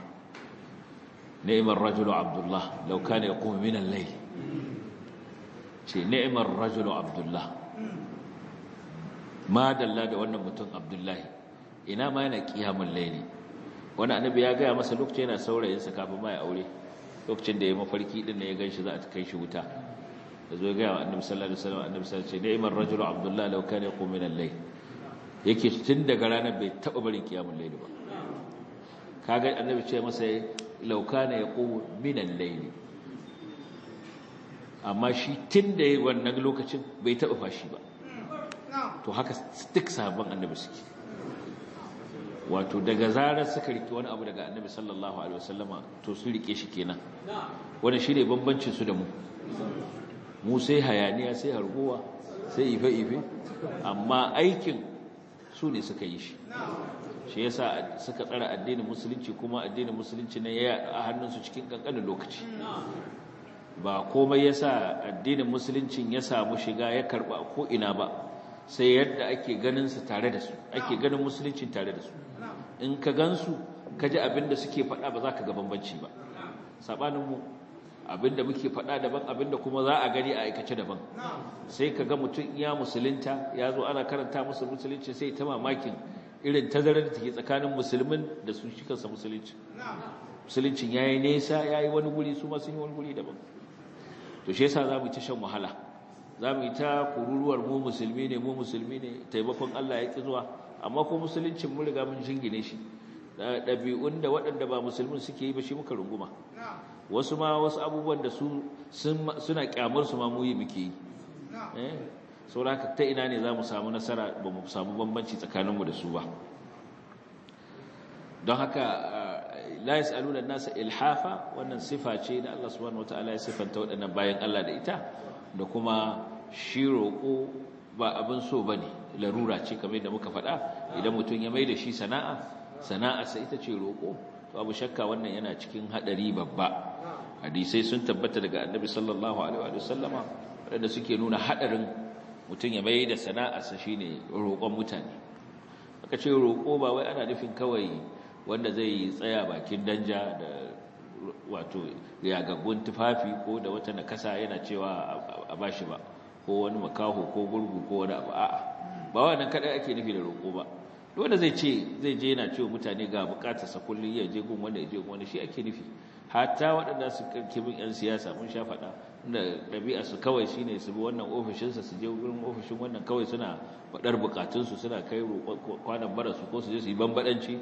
ni'mar rajulu Abdullah law kana yaqumu min al-layl ce ni'mar rajulu Abdullah dalla da wannan mutum abdullahi ina ma yana kiyamun laili wani annabi ya gaya masa lokacin yana saurayinsa kafin ma ya aure lokacin da ya mafarki din ne ya ganshi za a kai shi wuta da zo gaya wa annabi sallallahu alaihi wasallam annabi sallallahu alaihi wasallam ni'mar rajulu abdullahi law kana yaqum min al-layl yake tun daga ranar bai taba barin kiyamun laili ba kaga annabi ce masa law kana yaqum min al-layl amma shi tun da wannan lokacin bai taba fashi ba to haka duk sabon annabi suke wato daga zarar suka rike wani abu daga annabi sallallahu alaihi wasallama to su rike shi kenan wannan shine bambancin su da mu mu sai hayaniya sai harguwa sai ife ife amma aikin su ne suka yi shi shi yasa suka tsara addinin musulunci kuma addinin musulunci ne ya a hannunsu cikin kankanin lokaci ba komai yasa addinin musuluncin ya samu shiga ya karɓa ko ina ba sai yadda ake ganin su tare da su ake ganin musulunci tare da su in ka gansu ka ji abin da suke faɗa ba za ka ga bambanci ba sabanin mu abin da muke faɗa daban abin da kuma za a gani a aikace daban sai ka ga mutum ya musulunta ya zo ana karanta musu musulunci sai ta mamakin irin tazarar da take tsakanin musulmin da su shi kansa musulunci musuluncin ya nesa ya wani guri su ma sun yi wani guri daban to shi yasa za mu ci shan wahala za mu yi ta kururuwar mu musulmi ne mu musulmi ne taimakon Allah ya ƙi amma ko musuluncin mun riga mun jingine shi ɗabi'un da waɗanda ba musulmin suke yi ba shi muka runguma wasu ma wasu abubuwan da su suna kyamar su ma mu yi muke yi eh? sauraka ta ina ne za mu samu nasara ba mu samu bambanci mu da su ba don haka eh, la yas'aluna nasa ilhafa wannan sifa ce da Allah subhanahu wataala ya sifanta waɗannan bayan Allah da ita da kuma shi roƙo ba abin so ba ne larura ce kamar da muka faɗa idan mutum ya mai da shi sana'a sanaa sana'arsa ita ce roƙo to abu shakka wannan yana cikin haɗari babba hadisai sun tabbata daga annabi sallallahu alaihi wa sallama waɗanda suke nuna haɗarin mutum ya mai da sana'a sana'arsa shine roƙon mutane aka ce roƙo ba wai ana nufin kawai wanda zai tsaya bakin danja da wato yagaggun tufafi ko da wata nakasa yana cewa a bashi ba ko wani makaho ko gurgu ko wani abu a'a ba wannan kadai ake nufi da roƙo ba dole zai ce zai je yana cewa mutane ga bukatar sa kullun ya je gun wanda ya je gun wanda shi ake nufi hatta waɗanda su karke bin yan siyasa mun sha faɗa da ɗabi'a su kawai shine su bi wannan ofishin sa su je gurin ofishin wannan kawai suna faɗar bukatun su suna kai roƙon kwanan bara ko su je su yi bambadanci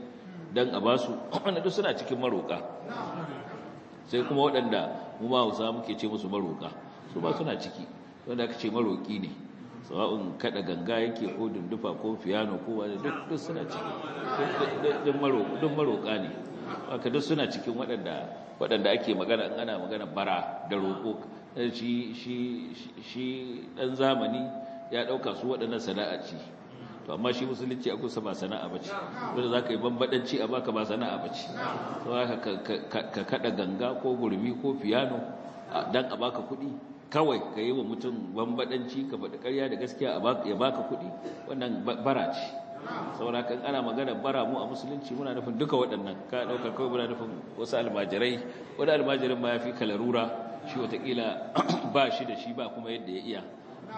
dan a ba su wanda duk suna cikin maroƙa sai kuma waɗanda mu ma Hausa muke ce musu maroƙa su ba suna ciki wanda aka ce maroƙi ne tsawon kada ganga yake ko dundufa ko fiyano ko wani duk suna cikin duk maroƙa ne haka duk suna cikin waɗanda ake magana in ana magana bara da roƙo eh, shi ɗan zamani ya ɗauka su waɗannan sana'a ce to amma shi musulunci a kusa ba sana'a ba ce wanda za ka yi bambaɗanci a baka ba sana'a ba ce ka kaɗa ganga ko gurbi ko fiyano don a baka kuɗi kawai ka yi wa mutum bambadanci ka faɗi ƙarya da gaskiya ya baka kuɗi wannan bara ce saboda kan ana magana bara mu a musulunci muna nufin duka waɗannan ka ɗauka kawai muna nufin wasu almajirai wani almajirin ma ya fi kalarura shi watakila ba shi da shi ba kuma yadda ya iya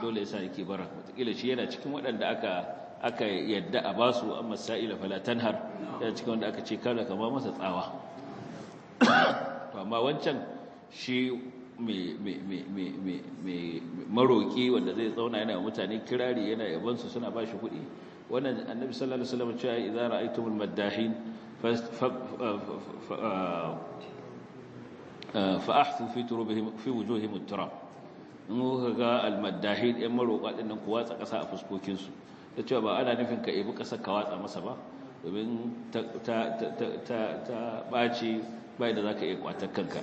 dole ya sa yake bara watakila shi yana cikin waɗanda aka aka yadda a basu amma sa'ila fala tanhar yana cikin wanda aka ce ka kama masa tsawa amma wancan shi maroƙi wanda zai zauna yana mutane kirari yana yabansu suna ba shi kuɗi wannan annabi sallallahu alaihi wasallam cewa idza ra'aytumul maddahin fa fi turubihim fi wujuhihim turab in kuka ga al-maddahin ɗan maroƙa ɗin nan ku watsa ƙasa a fuskokin su ta ba ana nufin ka ibi kasa ka watsa masa ba domin ta ta ta ta ɓaci bai da zaka iya kwatar kanka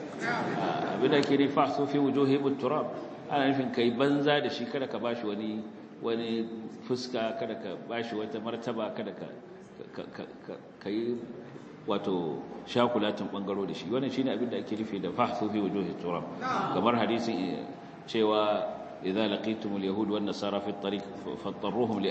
abin da ke rifa so fi wujuhim turab ana nufin kai banza da shi kada ka bashi wani wani fuska kada ka bashi wata martaba kada ka kai wato shakulatin bangaro da shi wannan shine abin da ake rufe da fahsu fi wujuhi turab kamar hadisin cewa idza laqitum alyahud wan nasara fi at-tariq fattaruhum li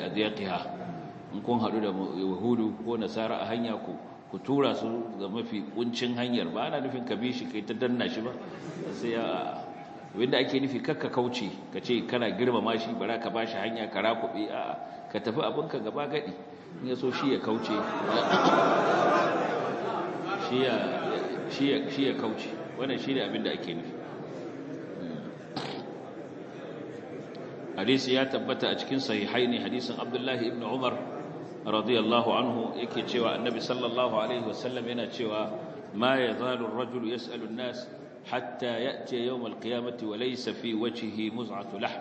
in kun haɗu da yahudu ko nasara a hanya ku ku tura su ga mafi kuncin hanyar ba ana nufin ka bi shi kai ta danna shi ba sai ya abinda ake nufi kakka kauce ka ce kana girmama shi bara ka bashi hanya ka rakube a ka tafi abin ka gaba gadi in ya so shi ya kauce shi ya kauce wannan shi ne abinda ake nufi hmm. hadisi ya tabbata a cikin sahihai ne hadisin abdullahi ibn umar radiyallahu anhu yake cewa annabi sallallahu alaihi wasallam yana cewa ma yazalu ar-rajulu yas'alu an-nas hatta ya'ti yawm al-qiyamati wa laysa fi wajhihi muz'atu lahm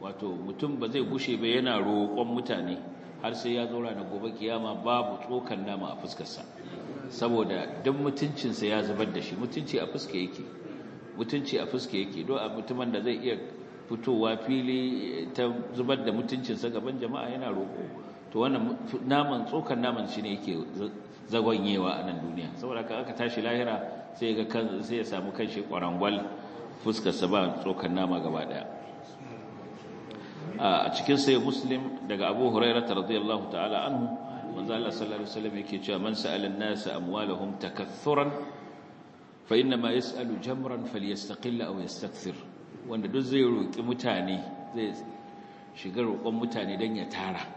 wato mutum ba zai gushe ba yana roƙon mutane har sai ya zo ranar gobe kiyama babu tsokan nama a fuskarsa saboda duk mutuncinsa ya zubar da shi mutunci a fuska yake mutunci a yake don a mutumin da zai iya fitowa fili ta zubar da mutuncinsa gaban jama'a yana roƙo to wannan naman tsokan naman shi ne yake zagonyewa a nan duniya saboda ka aka tashi lahira sai ga kan sai ya samu kanshi kwarangwal fuskar sa ba tsokan nama gaba daya a cikin sai muslim daga abu hurairah radiyallahu ta'ala anhu manzo Allah sallallahu alaihi wasallam yake cewa man sa'ala an-nas amwalahum takathuran fa inna ma yas'alu jamran falyastaqil aw yastakthir wanda duk zai roki mutane zai shiga roƙon mutane dan ya tara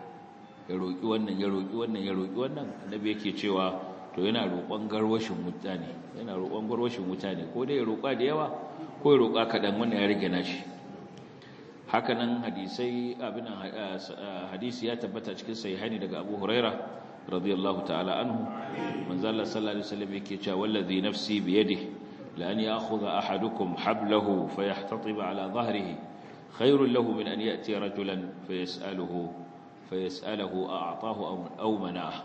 ya roƙi wannan ya roƙi wannan ya roƙi wannan annabi yake cewa to yana roƙon garwashin wuta ne yana roƙon garwashin ko dai ya roƙa da yawa ko ya roƙa kaɗan wannan ya rage nashi hakanan hadisai abin eh, eh, hadisi ya tabbata cikin sahihaini daga Abu Huraira radiyallahu ta'ala anhu manzo Allah sallallahu alaihi wasallam yake cewa wallazi nafsi biyadihi لأن يأخذ أحدكم حبله فيحتطب على fa a a'tahu a mana'ah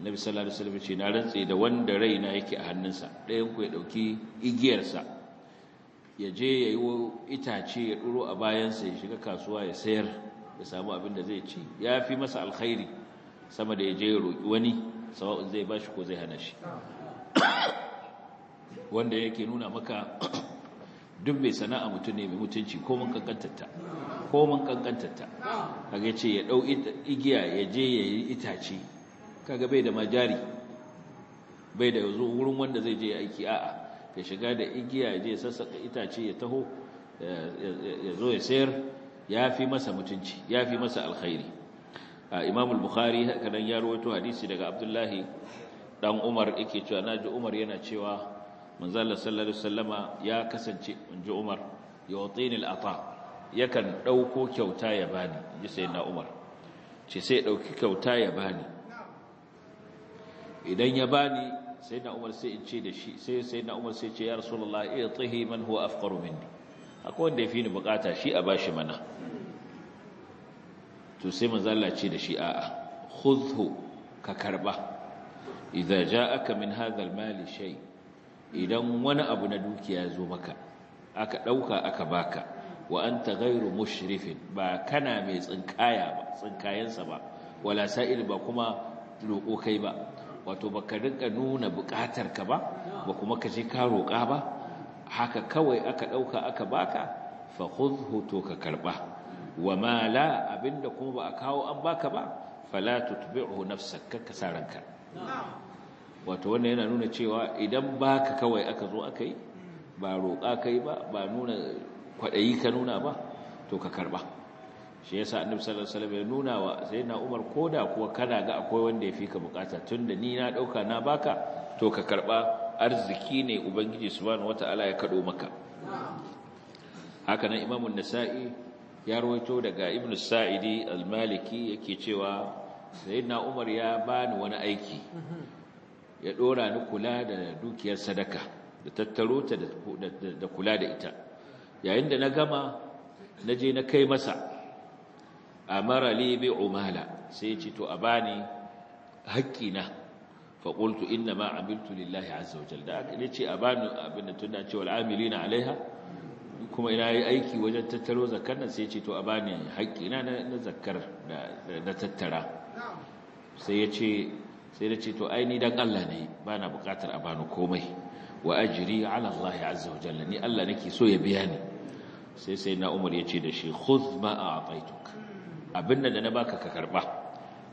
annabi sallallahu alaihi wasallam ce na rantse da wanda raina yake a hannunsa ɗayan ku ya ɗauki igiyarsa ya je ya yi itace ya ɗuro a bayansa ya shiga kasuwa ya sayar ya samu abin da zai ci ya fi masa alkhairi sama da ya je ya roki wani sawa'un zai ba ko zai hana shi wanda yake nuna maka duk mai sana'a mutum ne mai mutunci ko mun kankantarta komin kankantarta kaga ce ya dau igiya ya je ya yi itace kaga bai da majari bai da wurin wanda zai je aiki a'a ya shiga da igiya ya je sassaka itace ya taho ya zo ya sayar ya fi masa mutunci ya fi masa alkhairi imamul bukhari kanan ya rawaito hadisi daga abdullahi dan umar yake cewa naji umar yana cewa manzo sallallahu alaihi wasallama ya kasance inji umar yawtinil ata yakan ɗauko kyauta ya bani ji sai na umar ce sai ya ɗauki kyauta ya bani idan ya bani sai na umar sai in ce da shi sai sai na umar sai ce ya rasulullah iya tsihi man huwa afqaru minni akwai wanda ya fi ni bukata shi a bashi mana to sai manzo Allah ce da shi a'a khudhu ka karba idza ja'aka min hadha al shay idan wani abu na dukiya zo maka aka dauka aka baka wa gairu ghairu mushrifin ba kana mai tsinkaya ba tsinkayensa ba wala sa'il ba kuma roƙo kai ba wato baka rinka nuna buƙatar ka ba ba kuma ka je ka roƙa ba haka kawai aka ɗauka aka baka fa khudhu ka karba wa mala abinda kuma ba a kawo an baka ba fala tutbi'hu ka wato wannan yana nuna cewa idan ka kawai aka zo aka yi ba roƙa kai ba ba nuna kwaɗayi ka nuna ba to ka karɓa shi sa annabi sallallahu alaihi wasallam ya nuna wa na Umar koda kuwa kana ga akwai wanda ya fi ka bukata tunda ni na ɗauka na baka to ka karɓa. arziki ne ubangiji wata wataala ya kaɗo maka Hakanan nan Imam nasai ya rawaito daga Ibn Sa'idi al-Maliki yake cewa sayyidina Umar ya bani wani aiki ya ɗora ni kula da dukiyar sadaka da tattaro ta da kula da ita yayin da na gama na je na kai masa a mara bi umala sai ya ce to a bani haƙƙina fa inna ma amiltu lillahi azza wa jalla da aka ce a bani abin da tunda cewa na alaiha kuma ina yi aiki wajen tattaro zakar nan sai ya ce to a bani haƙƙina na zakar na tattara sai ya ce sai da ce to ai ni dan Allah ne bana buƙatar a bani komai wa alallahi ala Allah ni Allah nake so ya biya ni sai sai na umar ya ce da shi khudh ma a'taituk abinda da na baka ka karba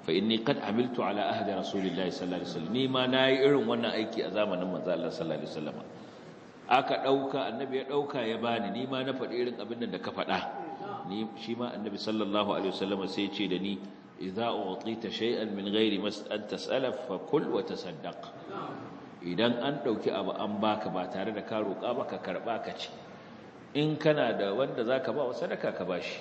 fa inni kad amiltu ala ahdi rasulillahi sallallahu alaihi wasallam ni ma nayi irin wannan aiki a zamanin manzo Allah sallallahu alaihi wasallam aka dauka annabi ya dauka ya bani Nima na faɗi irin abin da ka faɗa ni shi ma annabi sallallahu alaihi wasallam sai ya ce da ni idza u'tita shay'an min ghairi an tas'ala fa kul wa tasaddaq idan an dauki abu an baka ba tare da ka roƙa ba ka karba ka ci in kana da wanda za ka ba wa sadaka ka ba shi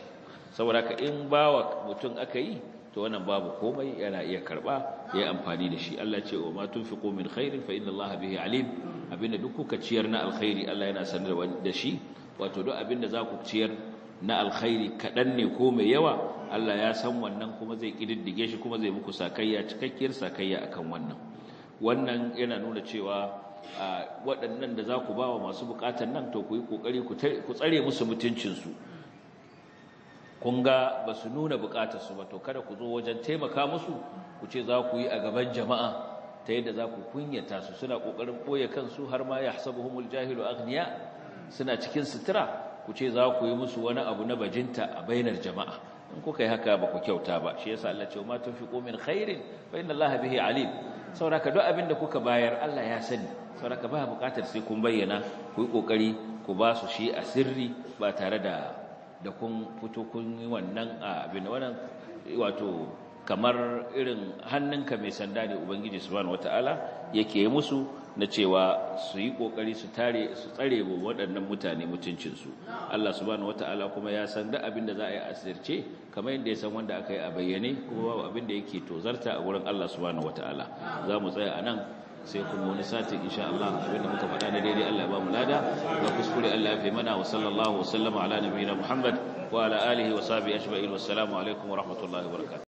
saboda ka in ba wa mutum aka yi to wannan babu komai yana iya karba ya yi amfani da shi Allah ce wa ma fi min khairin fa inna Allah bihi alim abinda duk kuka ciyar na alkhairi Allah yana sanar da shi wato duk abinda za ku ciyar na alkhairi kaɗan ne ko mai yawa Allah ya san wannan kuma zai kididdige shi kuma zai muku sakayya cikakkiyar sakayya akan wannan wannan yana nuna cewa waɗannan da za ku ba masu buƙatar nan to ku yi ƙoƙari ku tsare musu mutuncinsu kun ga ba su nuna buƙatarsu ba to kada ku zo wajen taimaka musu ku ce za ku yi a gaban jama'a ta yadda za ku kunyata su suna ƙoƙarin ɓoye kansu har ma ya hasabu humul jahilu agniya suna cikin sutura ku ce za ku yi musu wani abu na bajinta a bainar jama'a in kuka yi haka ba ku kyauta ba shi yasa Allah ce ma tunfiqu min khairin fa inna Allah bihi alim sauraka duk abin da kuka bayar Allah ya sani sauraka ba buƙatar sai kun bayyana ku yi ƙoƙari ku ba su shi a sirri ba tare da da kun fito kun yi wannan abin wannan wato kamar irin hannunka mai sanda ne ubangiji subhanahu wataala yake musu na cewa su yi kokari su tare su tsare wa waɗannan mutane mutuncinsu Allah subhanahu wataala kuma ya san da abin da za a yi asirce kamar yadda ya san wanda aka yi a bayyane kuma babu abin da yake tozarta a wurin Allah subhanahu wataala za mu tsaya a nan sai kuma wani satin insha Allah abin da muka faɗa na daidai Allah ya ba mu lada ga kuskure Allah ya fi mana wa sallallahu wa sallama ala nabiyina Muhammad wa ala alihi wa sahbihi ajma'in alaikum wa rahmatullahi wa barakatuh